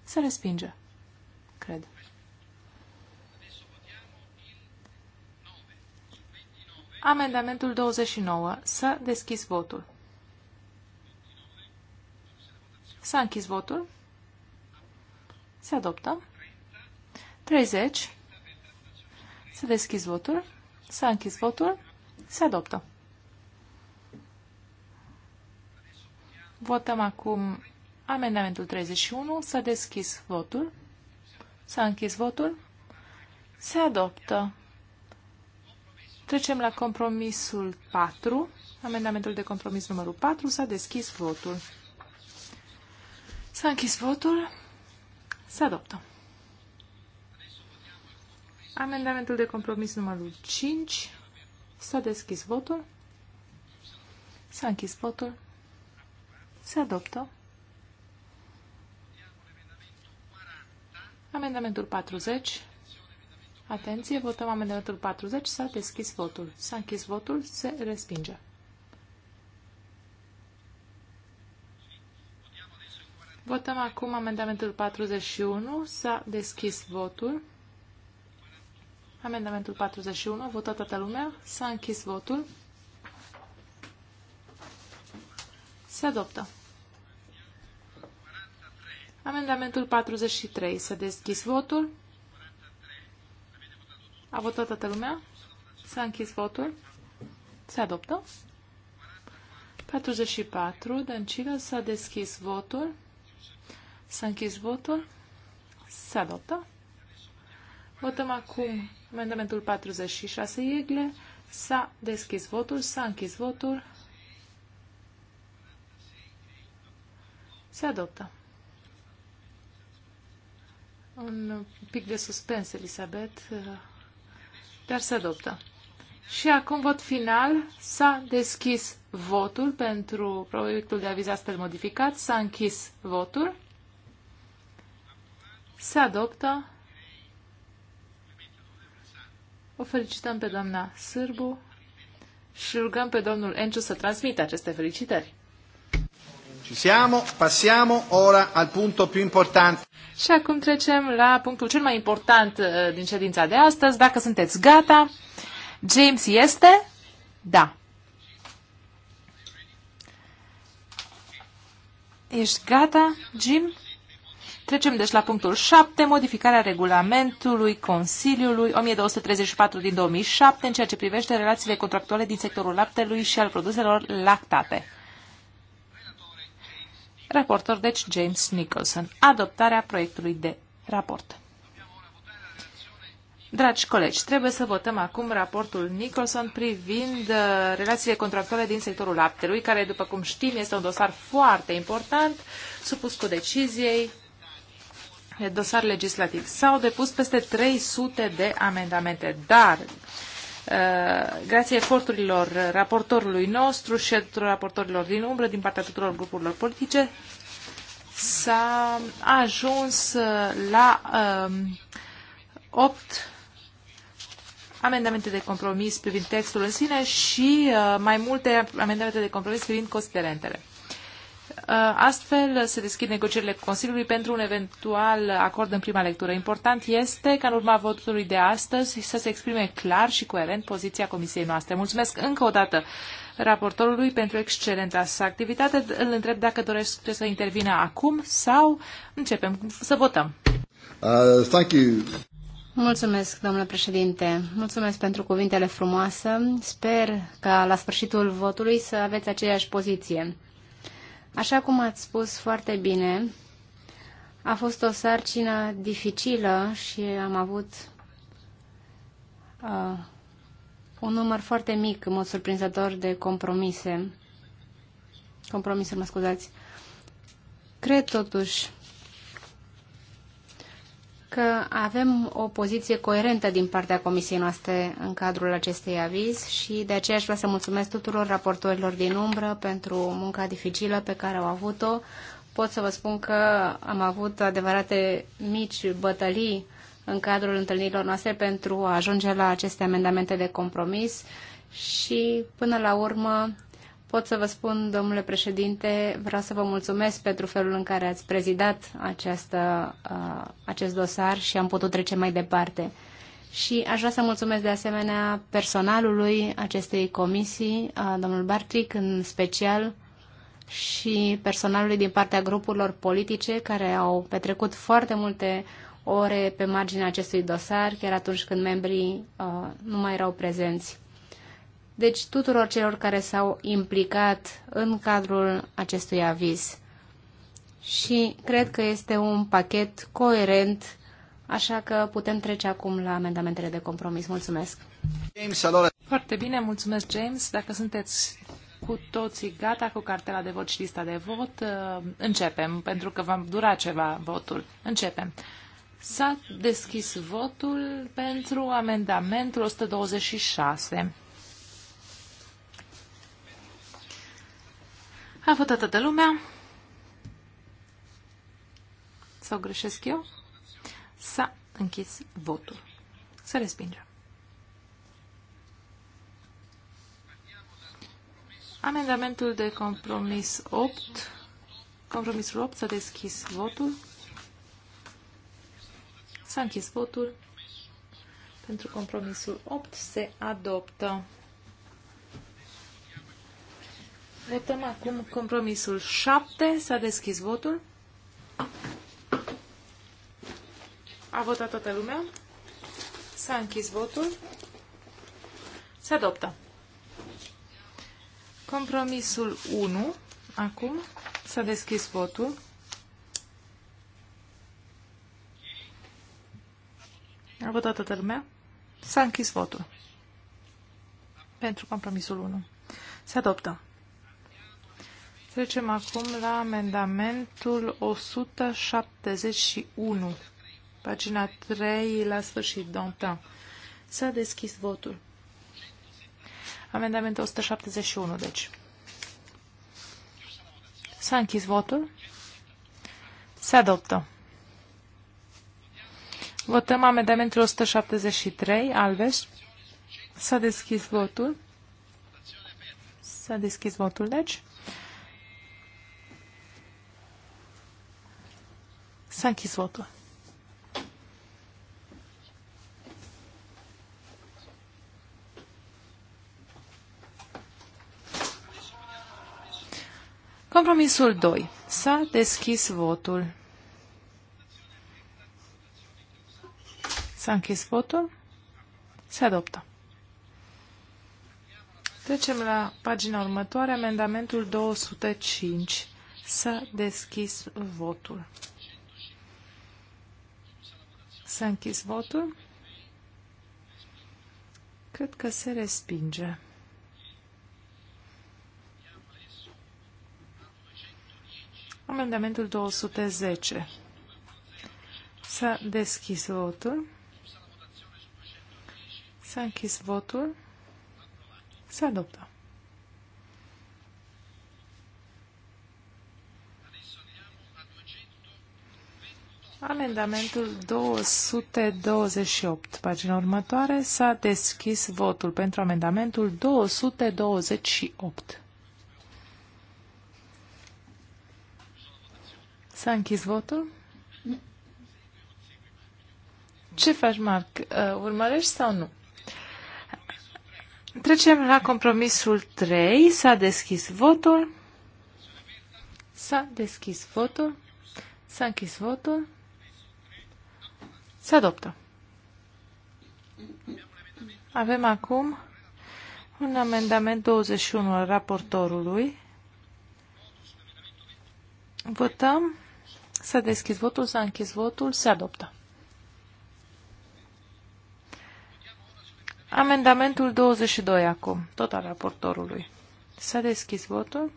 Se respinge. Cred. Amendamentul 29. S-a deschis votul. S-a închis votul. Se adoptă. 30. Se deschis votul. S-a închis votul. Se adoptă. Votăm acum amendamentul 31. S-a deschis votul. S-a închis votul. Se adoptă. Trecem la compromisul 4. Amendamentul de compromis numărul 4. S-a deschis votul. S-a închis votul. Se adoptă. Amendamentul de compromis numărul 5. S-a deschis votul. S-a închis votul. Se adoptă. Amendamentul 40. Atenție, votăm amendamentul 40. S-a deschis votul. S-a închis votul. Se respinge. Votăm acum amendamentul 41. S-a deschis votul. Amendamentul 41. A votat toată lumea. S-a închis votul. Se adoptă. Amendamentul 43. S-a deschis votul. A votat toată lumea. S-a închis votul. Se adoptă. 44. Dăncilă s-a deschis votul. S-a închis votul. Se adoptă. Votăm acum amendamentul 46 Iegle. S-a deschis votul, s-a închis votul. Se adoptă. Un pic de suspens, Elisabeth, dar se adoptă. Și acum vot final. S-a deschis votul pentru proiectul de aviz astfel modificat. S-a închis votul. Se adoptă. O felicităm pe doamna Sârbu și rugăm pe domnul Enciu să transmită aceste felicitări. Ci siamo, passiamo ora al punto più importante. Și acum trecem la punctul cel mai important uh, din ședința de astăzi. Dacă sunteți gata, James este? Da. Ești gata, Jim? Trecem deci la punctul 7, modificarea regulamentului Consiliului 1234 din 2007 în ceea ce privește relațiile contractuale din sectorul laptelui și al produselor lactate. Raportor, deci, James Nicholson. Adoptarea proiectului de raport. Dragi colegi, trebuie să votăm acum raportul Nicholson privind uh, relațiile contractuale din sectorul laptelui, care, după cum știm, este un dosar foarte important, supus cu deciziei dosar legislativ. S-au depus peste 300 de amendamente, dar uh, grație eforturilor raportorului nostru și tuturor raportorilor din umbră, din partea tuturor grupurilor politice, s-a ajuns uh, la um, 8 amendamente de compromis privind textul în sine și uh, mai multe amendamente de compromis privind considerentele. Uh, astfel se deschid negocierile cu Consiliului pentru un eventual acord în prima lectură. Important este ca în urma votului de astăzi să se exprime clar și coerent poziția Comisiei noastre. Mulțumesc încă o dată raportorului pentru excelenta sa activitate. Îl întreb dacă dorește să intervină acum sau începem să votăm. Uh, thank you. Mulțumesc, domnule președinte. Mulțumesc pentru cuvintele frumoase. Sper ca la sfârșitul votului să aveți aceeași poziție. Așa cum ați spus foarte bine, a fost o sarcină dificilă și am avut uh, un număr foarte mic, în mod surprinzător, de compromise. Compromisuri, mă scuzați. Cred totuși că avem o poziție coerentă din partea comisiei noastre în cadrul acestei aviz și de aceea aș vrea să mulțumesc tuturor raportorilor din umbră pentru munca dificilă pe care au avut-o. Pot să vă spun că am avut adevărate mici bătălii în cadrul întâlnirilor noastre pentru a ajunge la aceste amendamente de compromis și până la urmă pot să vă spun, domnule președinte, vreau să vă mulțumesc pentru felul în care ați prezidat această, uh, acest dosar și am putut trece mai departe. Și aș vrea să mulțumesc de asemenea personalului acestei comisii, uh, domnul Bartric în special, și personalului din partea grupurilor politice care au petrecut foarte multe ore pe marginea acestui dosar, chiar atunci când membrii uh, nu mai erau prezenți. Deci tuturor celor care s-au implicat în cadrul acestui aviz. Și cred că este un pachet coerent, așa că putem trece acum la amendamentele de compromis. Mulțumesc! James, Foarte bine, mulțumesc, James. Dacă sunteți cu toții gata cu cartela de vot și lista de vot, uh, începem, pentru că va dura ceva votul. Începem. S-a deschis votul pentru amendamentul 126. A votat toată lumea. Sau greșesc eu? S-a închis votul. Să respingem. Amendamentul de compromis 8. Compromisul 8 s-a deschis votul. S-a închis votul. Pentru compromisul 8 se adoptă. Votăm acum compromisul 7. S-a deschis votul. A votat toată lumea. S-a închis votul. Se adoptă. Compromisul 1. Acum s-a deschis votul. A votat toată lumea. S-a închis votul. Pentru compromisul 1. Se adoptă. Trecem acum la amendamentul 171, pagina 3, la sfârșit, Dantin. S-a deschis votul. Amendamentul 171, deci. S-a închis votul. Se adoptă. Votăm amendamentul 173, Alves. S-a deschis votul. S-a deschis votul, deci. S-a închis votul. Compromisul 2. S-a deschis votul. S-a închis votul. Se adoptă. Trecem la pagina următoare, amendamentul 205. S-a deschis votul. S-a închis votul. Cred că se respinge. Amendamentul 210. S-a deschis votul. S-a închis votul. Se adoptă. Amendamentul 228, pagina următoare, s-a deschis votul pentru amendamentul 228. S-a închis votul? Ce faci, Marc? Uh, urmărești sau nu? Trecem la compromisul 3. S-a deschis votul. S-a deschis votul. S-a închis votul. Se adoptă. Avem acum un amendament 21 al raportorului. Votăm. S-a deschis votul, s-a închis votul, se adoptă. Amendamentul 22 acum, tot al raportorului. S-a deschis votul,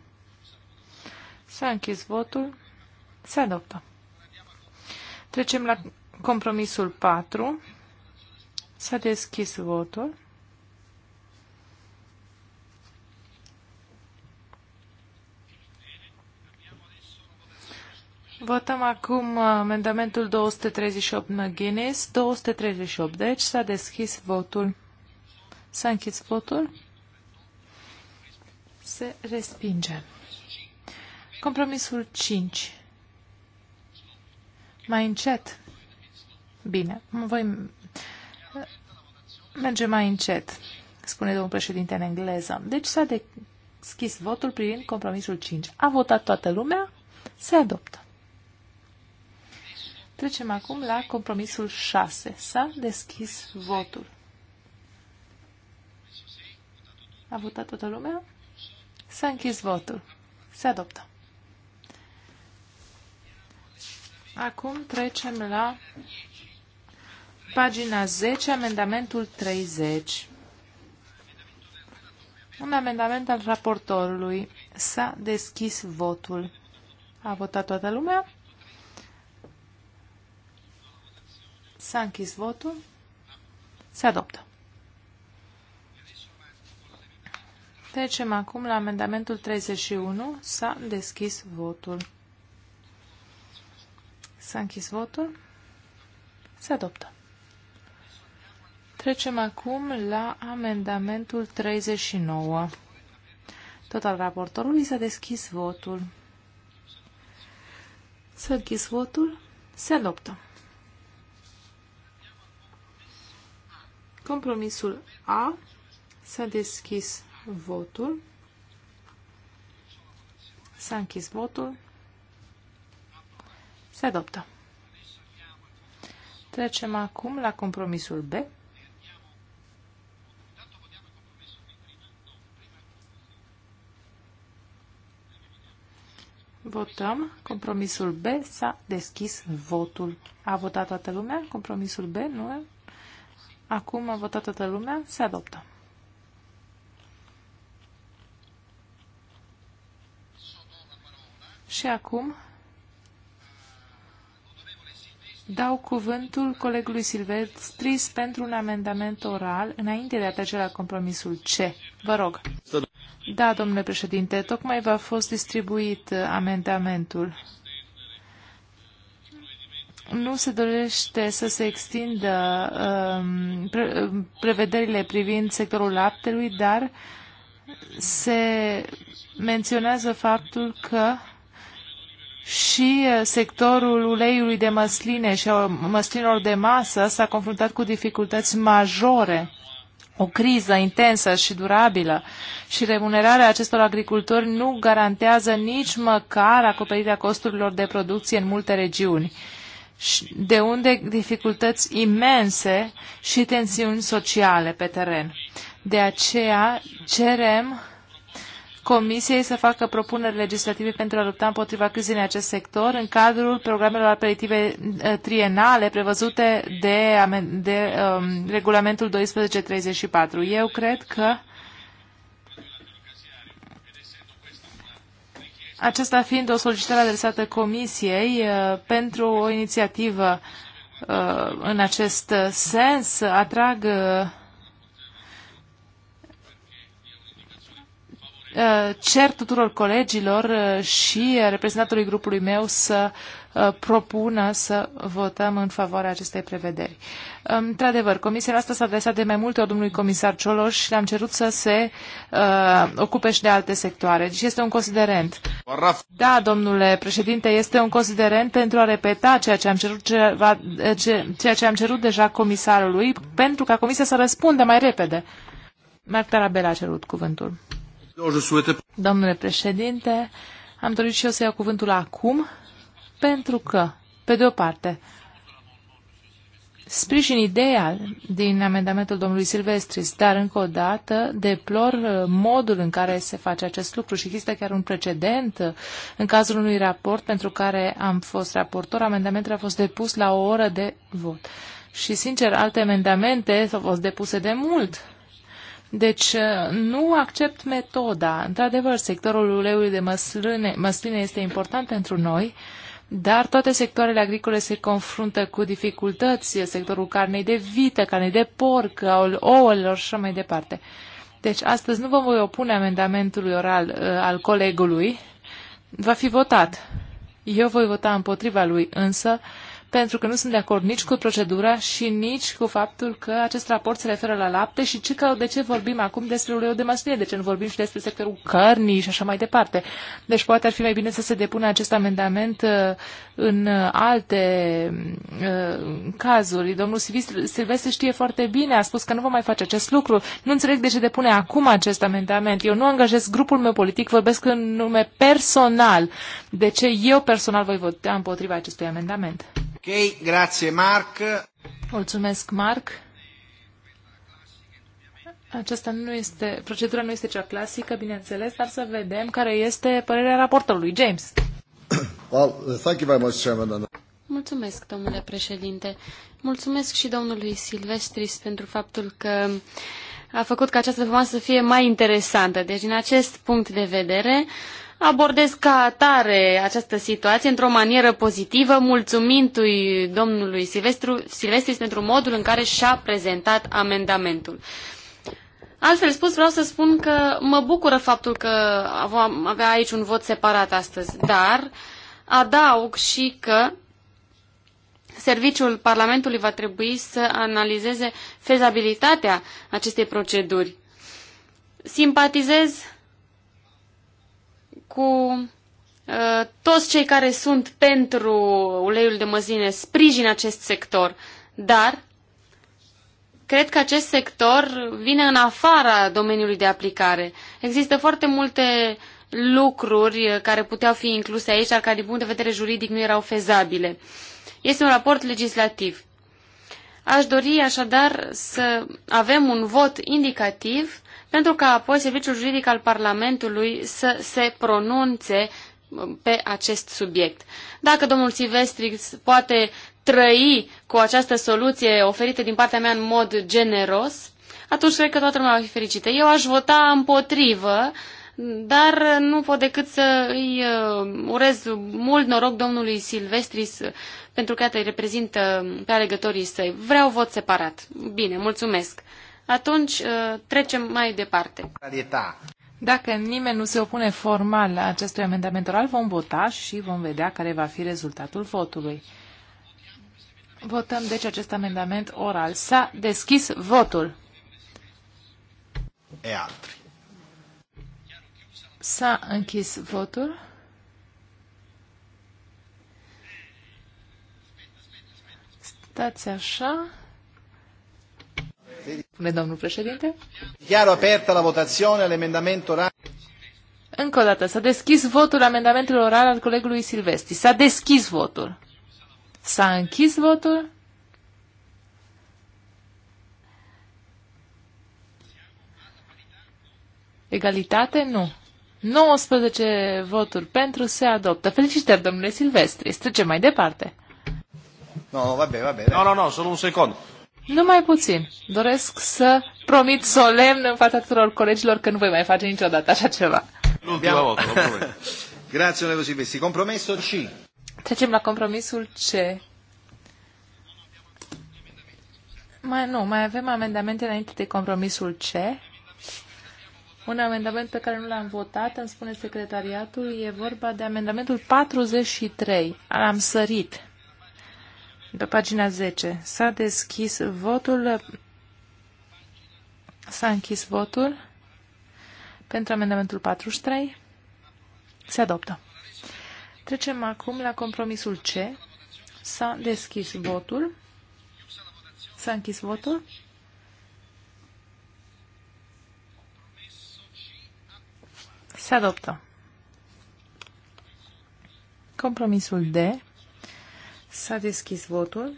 s-a închis votul, se adoptă. Trecem la Compromisul 4. S-a deschis votul. Votăm acum amendamentul 238 McGuinness. 238, deci s-a deschis votul. S-a închis votul. Se respinge. Compromisul 5. Mai încet. Bine, voi merge mai încet, spune domnul președinte în engleză. Deci s-a deschis votul privind compromisul 5. A votat toată lumea, se adoptă. Trecem acum la compromisul 6. S-a deschis votul. A votat toată lumea? S-a închis votul. Se adoptă. Acum trecem la Pagina 10, amendamentul 30. Un amendament al raportorului. S-a deschis votul. A votat toată lumea? S-a închis votul. Se adoptă. Trecem acum la amendamentul 31. S-a deschis votul. S-a închis votul. Se adoptă. Trecem acum la amendamentul 39. Tot al raportorului s-a deschis votul. S-a închis votul. Se adoptă. Compromisul A s-a deschis votul. S-a închis votul. Se adoptă. Trecem acum la compromisul B. Votăm. Compromisul B s-a deschis votul. A votat toată lumea? Compromisul B? Nu? Acum a votat toată lumea? Se adoptă. Și acum dau cuvântul colegului Silvestris pentru un amendament oral înainte de a trece la compromisul C. Vă rog. Da, domnule președinte, tocmai v-a fost distribuit amendamentul. Nu se dorește să se extindă um, pre um, prevederile privind sectorul laptelui, dar se menționează faptul că și sectorul uleiului de măsline și a măslinilor de masă s-a confruntat cu dificultăți majore o criză intensă și durabilă și remunerarea acestor agricultori nu garantează nici măcar acoperirea costurilor de producție în multe regiuni, de unde dificultăți imense și tensiuni sociale pe teren. De aceea cerem Comisiei să facă propuneri legislative pentru a lupta împotriva crizei în acest sector în cadrul programelor aperitive eh, trienale prevăzute de, de um, regulamentul 1234. Eu cred că Aceasta fiind o solicitare adresată Comisiei uh, pentru o inițiativă uh, în acest sens, atrag uh, Uh, cer tuturor colegilor uh, și reprezentantului grupului meu să uh, propună să votăm în favoarea acestei prevederi. Um, într-adevăr, comisia noastră s-a adresat de mai multe ori domnului comisar Cioloș și le-am cerut să se uh, ocupe și de alte sectoare. Deci este un considerent. Da, domnule președinte, este un considerent pentru a repeta ceea ce am cerut, ceea ce am cerut deja comisarului, pentru ca comisia să răspundă mai repede. Marc Tarabella a cerut cuvântul. Domnule președinte, am dorit și eu să iau cuvântul acum, pentru că, pe de o parte, sprijin ideea din amendamentul domnului Silvestris, dar încă o dată deplor uh, modul în care se face acest lucru și există chiar un precedent uh, în cazul unui raport pentru care am fost raportor, amendamentul a fost depus la o oră de vot. Și, sincer, alte amendamente s au fost depuse de mult deci uh, nu accept metoda. Într-adevăr, sectorul uleiului de măsline, măsline este important pentru noi, dar toate sectoarele agricole se confruntă cu dificultăți, sectorul carnei de vită, carnei de porc, al ouălor și așa mai departe. Deci astăzi nu vă voi opune amendamentului oral uh, al colegului, va fi votat. Eu voi vota împotriva lui, însă pentru că nu sunt de acord nici cu procedura și nici cu faptul că acest raport se referă la lapte și ce, că, de ce vorbim acum despre uleiul de măsline, de ce nu vorbim și despre sectorul cărnii și așa mai departe. Deci poate ar fi mai bine să se depună acest amendament uh, în uh, alte uh, cazuri. Domnul Silvestre știe foarte bine, a spus că nu va mai face acest lucru. Nu înțeleg de ce depune acum acest amendament. Eu nu angajez grupul meu politic, vorbesc în nume personal. De ce eu personal voi vota împotriva acestui amendament? Ok, grazie Marc. Mulțumesc, Marc. Aceasta nu este, procedura nu este cea clasică, bineînțeles, dar să vedem care este părerea raportorului. James. Uh, Mulțumesc, domnule președinte. Mulțumesc și domnului Silvestris pentru faptul că a făcut ca această temă să fie mai interesantă. Deci, din acest punct de vedere, abordez ca atare această situație într-o manieră pozitivă, mulțumindu-i domnului Silvestru, Silvestris pentru modul în care și-a prezentat amendamentul. Altfel spus, vreau să spun că mă bucură faptul că vom avea aici un vot separat astăzi, dar adaug și că Serviciul Parlamentului va trebui să analizeze fezabilitatea acestei proceduri. Simpatizez cu uh, toți cei care sunt pentru uleiul de măsline, sprijin acest sector, dar Cred că acest sector vine în afara domeniului de aplicare. Există foarte multe lucruri care puteau fi incluse aici, dar care din punct de vedere juridic nu erau fezabile. Este un raport legislativ. Aș dori așadar să avem un vot indicativ pentru ca apoi Serviciul Juridic al Parlamentului să se pronunțe pe acest subiect. Dacă domnul Silvestri poate trăi cu această soluție oferită din partea mea în mod generos, atunci cred că toată lumea va fi fericită. Eu aș vota împotrivă, dar nu pot decât să îi uh, urez mult noroc domnului Silvestris uh, pentru că îi reprezintă pe alegătorii săi. Vreau vot separat. Bine, mulțumesc. Atunci uh, trecem mai departe. Dacă nimeni nu se opune formal acestui amendament oral, vom vota și vom vedea care va fi rezultatul votului. Votăm deci acest amendament oral. S-a deschis votul. E altri. S-a închis votul. Stați așa. Spune domnul președinte. Chiar apertă la votazione l'emendamento oral. Încă o dată, s-a deschis votul amendamentului oral al colegului Silvestri. S-a deschis votul. S-a închis votul? Egalitate? Nu. 19 voturi pentru se adoptă. Felicitări, domnule Silvestri. Trecem mai departe. No, va bine, va bine. No, no, no, solo un secund. Numai puțin. Doresc să promit solemn în fața tuturor colegilor că nu voi mai face niciodată așa ceva. Nu volta, [LAUGHS] Grazie, domnule Silvestri. Compromesso C. Trecem la compromisul C. Mai, nu, mai avem amendamente înainte de compromisul C. Un amendament pe care nu l-am votat, îmi spune secretariatul, e vorba de amendamentul 43. L-am sărit pe pagina 10. S-a deschis votul. S-a închis votul pentru amendamentul 43. Se adoptă. Trecem acum la compromisul C. S-a deschis votul. S-a închis votul. Se adoptă. Compromisul D. S-a deschis votul.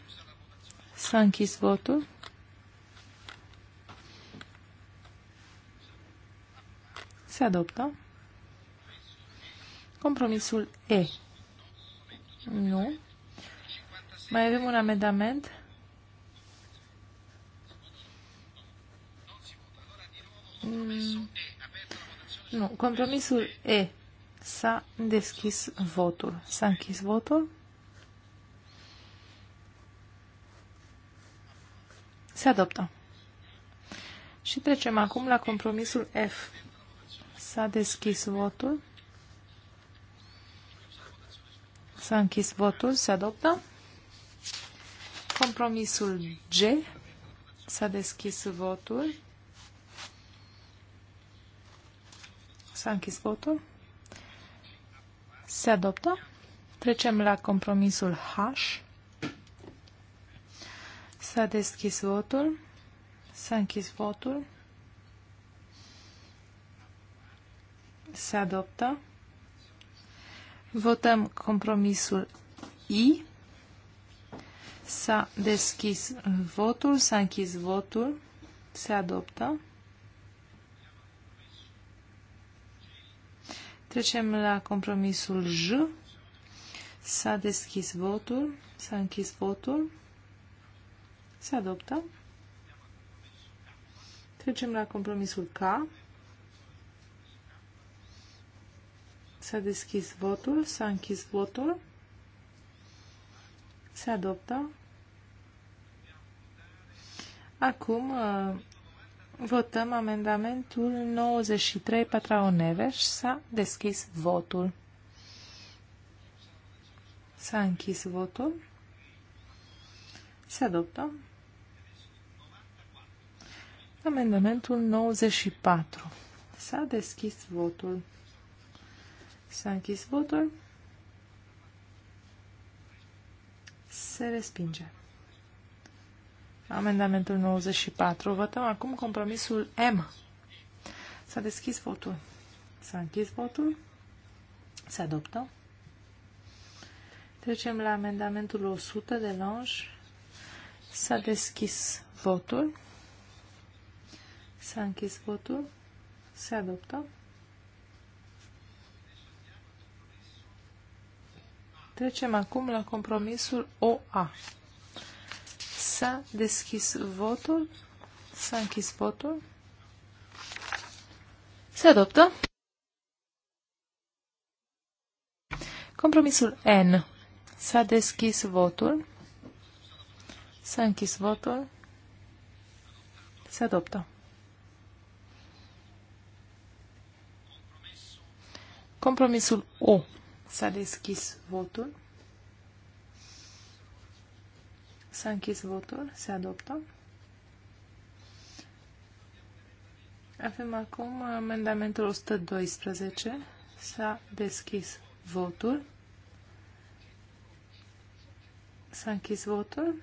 S-a închis votul. Se adoptă. Compromisul E. Nu. Mai avem un amendament. Mm. Nu. Compromisul E. S-a deschis votul. S-a închis votul. Se adoptă. Și trecem acum la compromisul F. S-a deschis votul. S-a închis votul. Se adoptă. Compromisul G. S-a deschis votul. S-a închis votul. Se adoptă. Trecem la compromisul H. S-a deschis votul. S-a închis votul. Se adoptă. Votăm compromisul I. S-a deschis votul, s-a închis votul, se adoptă. Trecem la compromisul J. S-a deschis votul, s-a închis votul, se adoptă. Trecem la compromisul K. S-a deschis votul, s-a închis votul, se adoptă. Acum uh, votăm amendamentul 93 Patrao Neves. S-a deschis votul. S-a închis votul. Se adoptă. Amendamentul 94. S-a deschis votul. S-a închis votul. Se respinge. Amendamentul 94. Votăm acum compromisul M. S-a deschis votul. S-a închis votul. Se adoptă. Trecem la amendamentul 100 de Lange. S-a deschis votul. S-a închis votul. Se adoptă. Trecem acum la compromisul OA. S-a deschis votul. S-a închis votul. Se adoptă. Compromisul N. S-a deschis votul. S-a închis votul. Se adoptă. Compromisul O. S-a deschis votul. S-a închis votul. Se adoptă. Avem acum amendamentul 112. S-a deschis votul. S-a închis votul.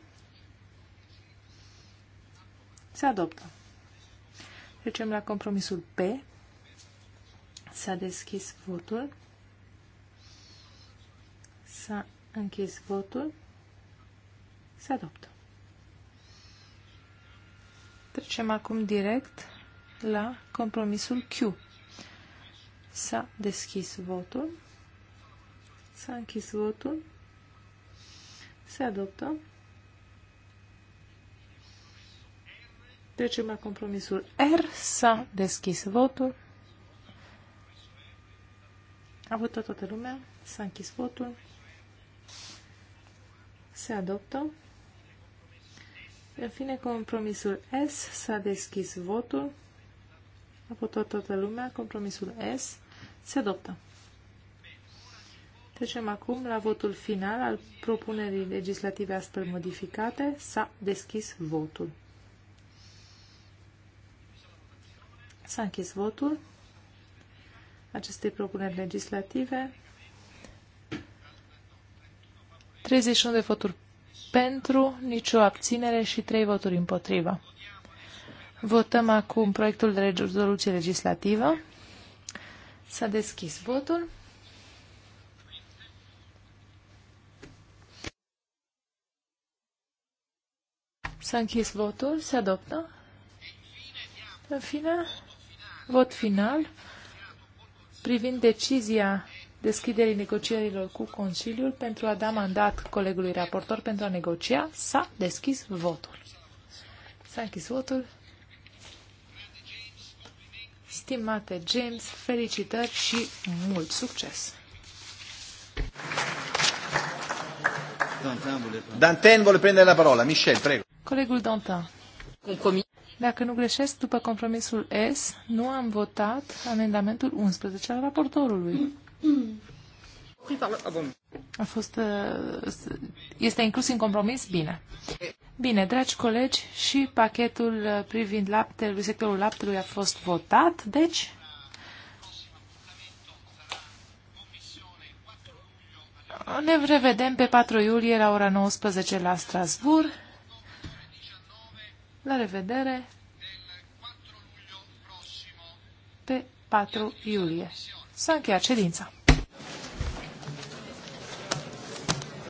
Se adoptă. Trecem la compromisul P. S-a deschis votul. S-a închis votul. Se adoptă. Trecem acum direct la compromisul Q. S-a deschis votul. S-a închis votul. Se adoptă. Trecem la compromisul R. S-a deschis votul. A votat toată lumea. S-a închis votul. Se adoptă. În fine, compromisul S. S-a deschis votul. A votat toată lumea. Compromisul S. Se adoptă. Trecem acum la votul final al propunerii legislative astfel modificate. S-a deschis votul. S-a închis votul acestei propuneri legislative. 31 de voturi pentru, nicio abținere și 3 voturi împotriva. Votăm acum proiectul de rezoluție legislativă. S-a deschis votul. S-a închis votul. Se adoptă. În fine, vot final privind decizia deschiderii negocierilor cu Consiliul pentru a da mandat colegului raportor pentru a negocia, s-a deschis votul. S-a închis votul. Stimate James, felicitări și mult succes! Dantin vuole prendere la parola. Michel, prego. Colegul Dantin. Dacă nu greșesc, după compromisul S, nu am votat amendamentul 11 al raportorului. A fost, uh, este inclus în compromis? Bine. Bine, dragi colegi, și pachetul uh, privind laptelui, sectorul laptelui a fost votat, deci ne revedem pe 4 iulie la ora 19 la Strasbourg. La revedere pe 4 iulie. S-a încheiat ședința.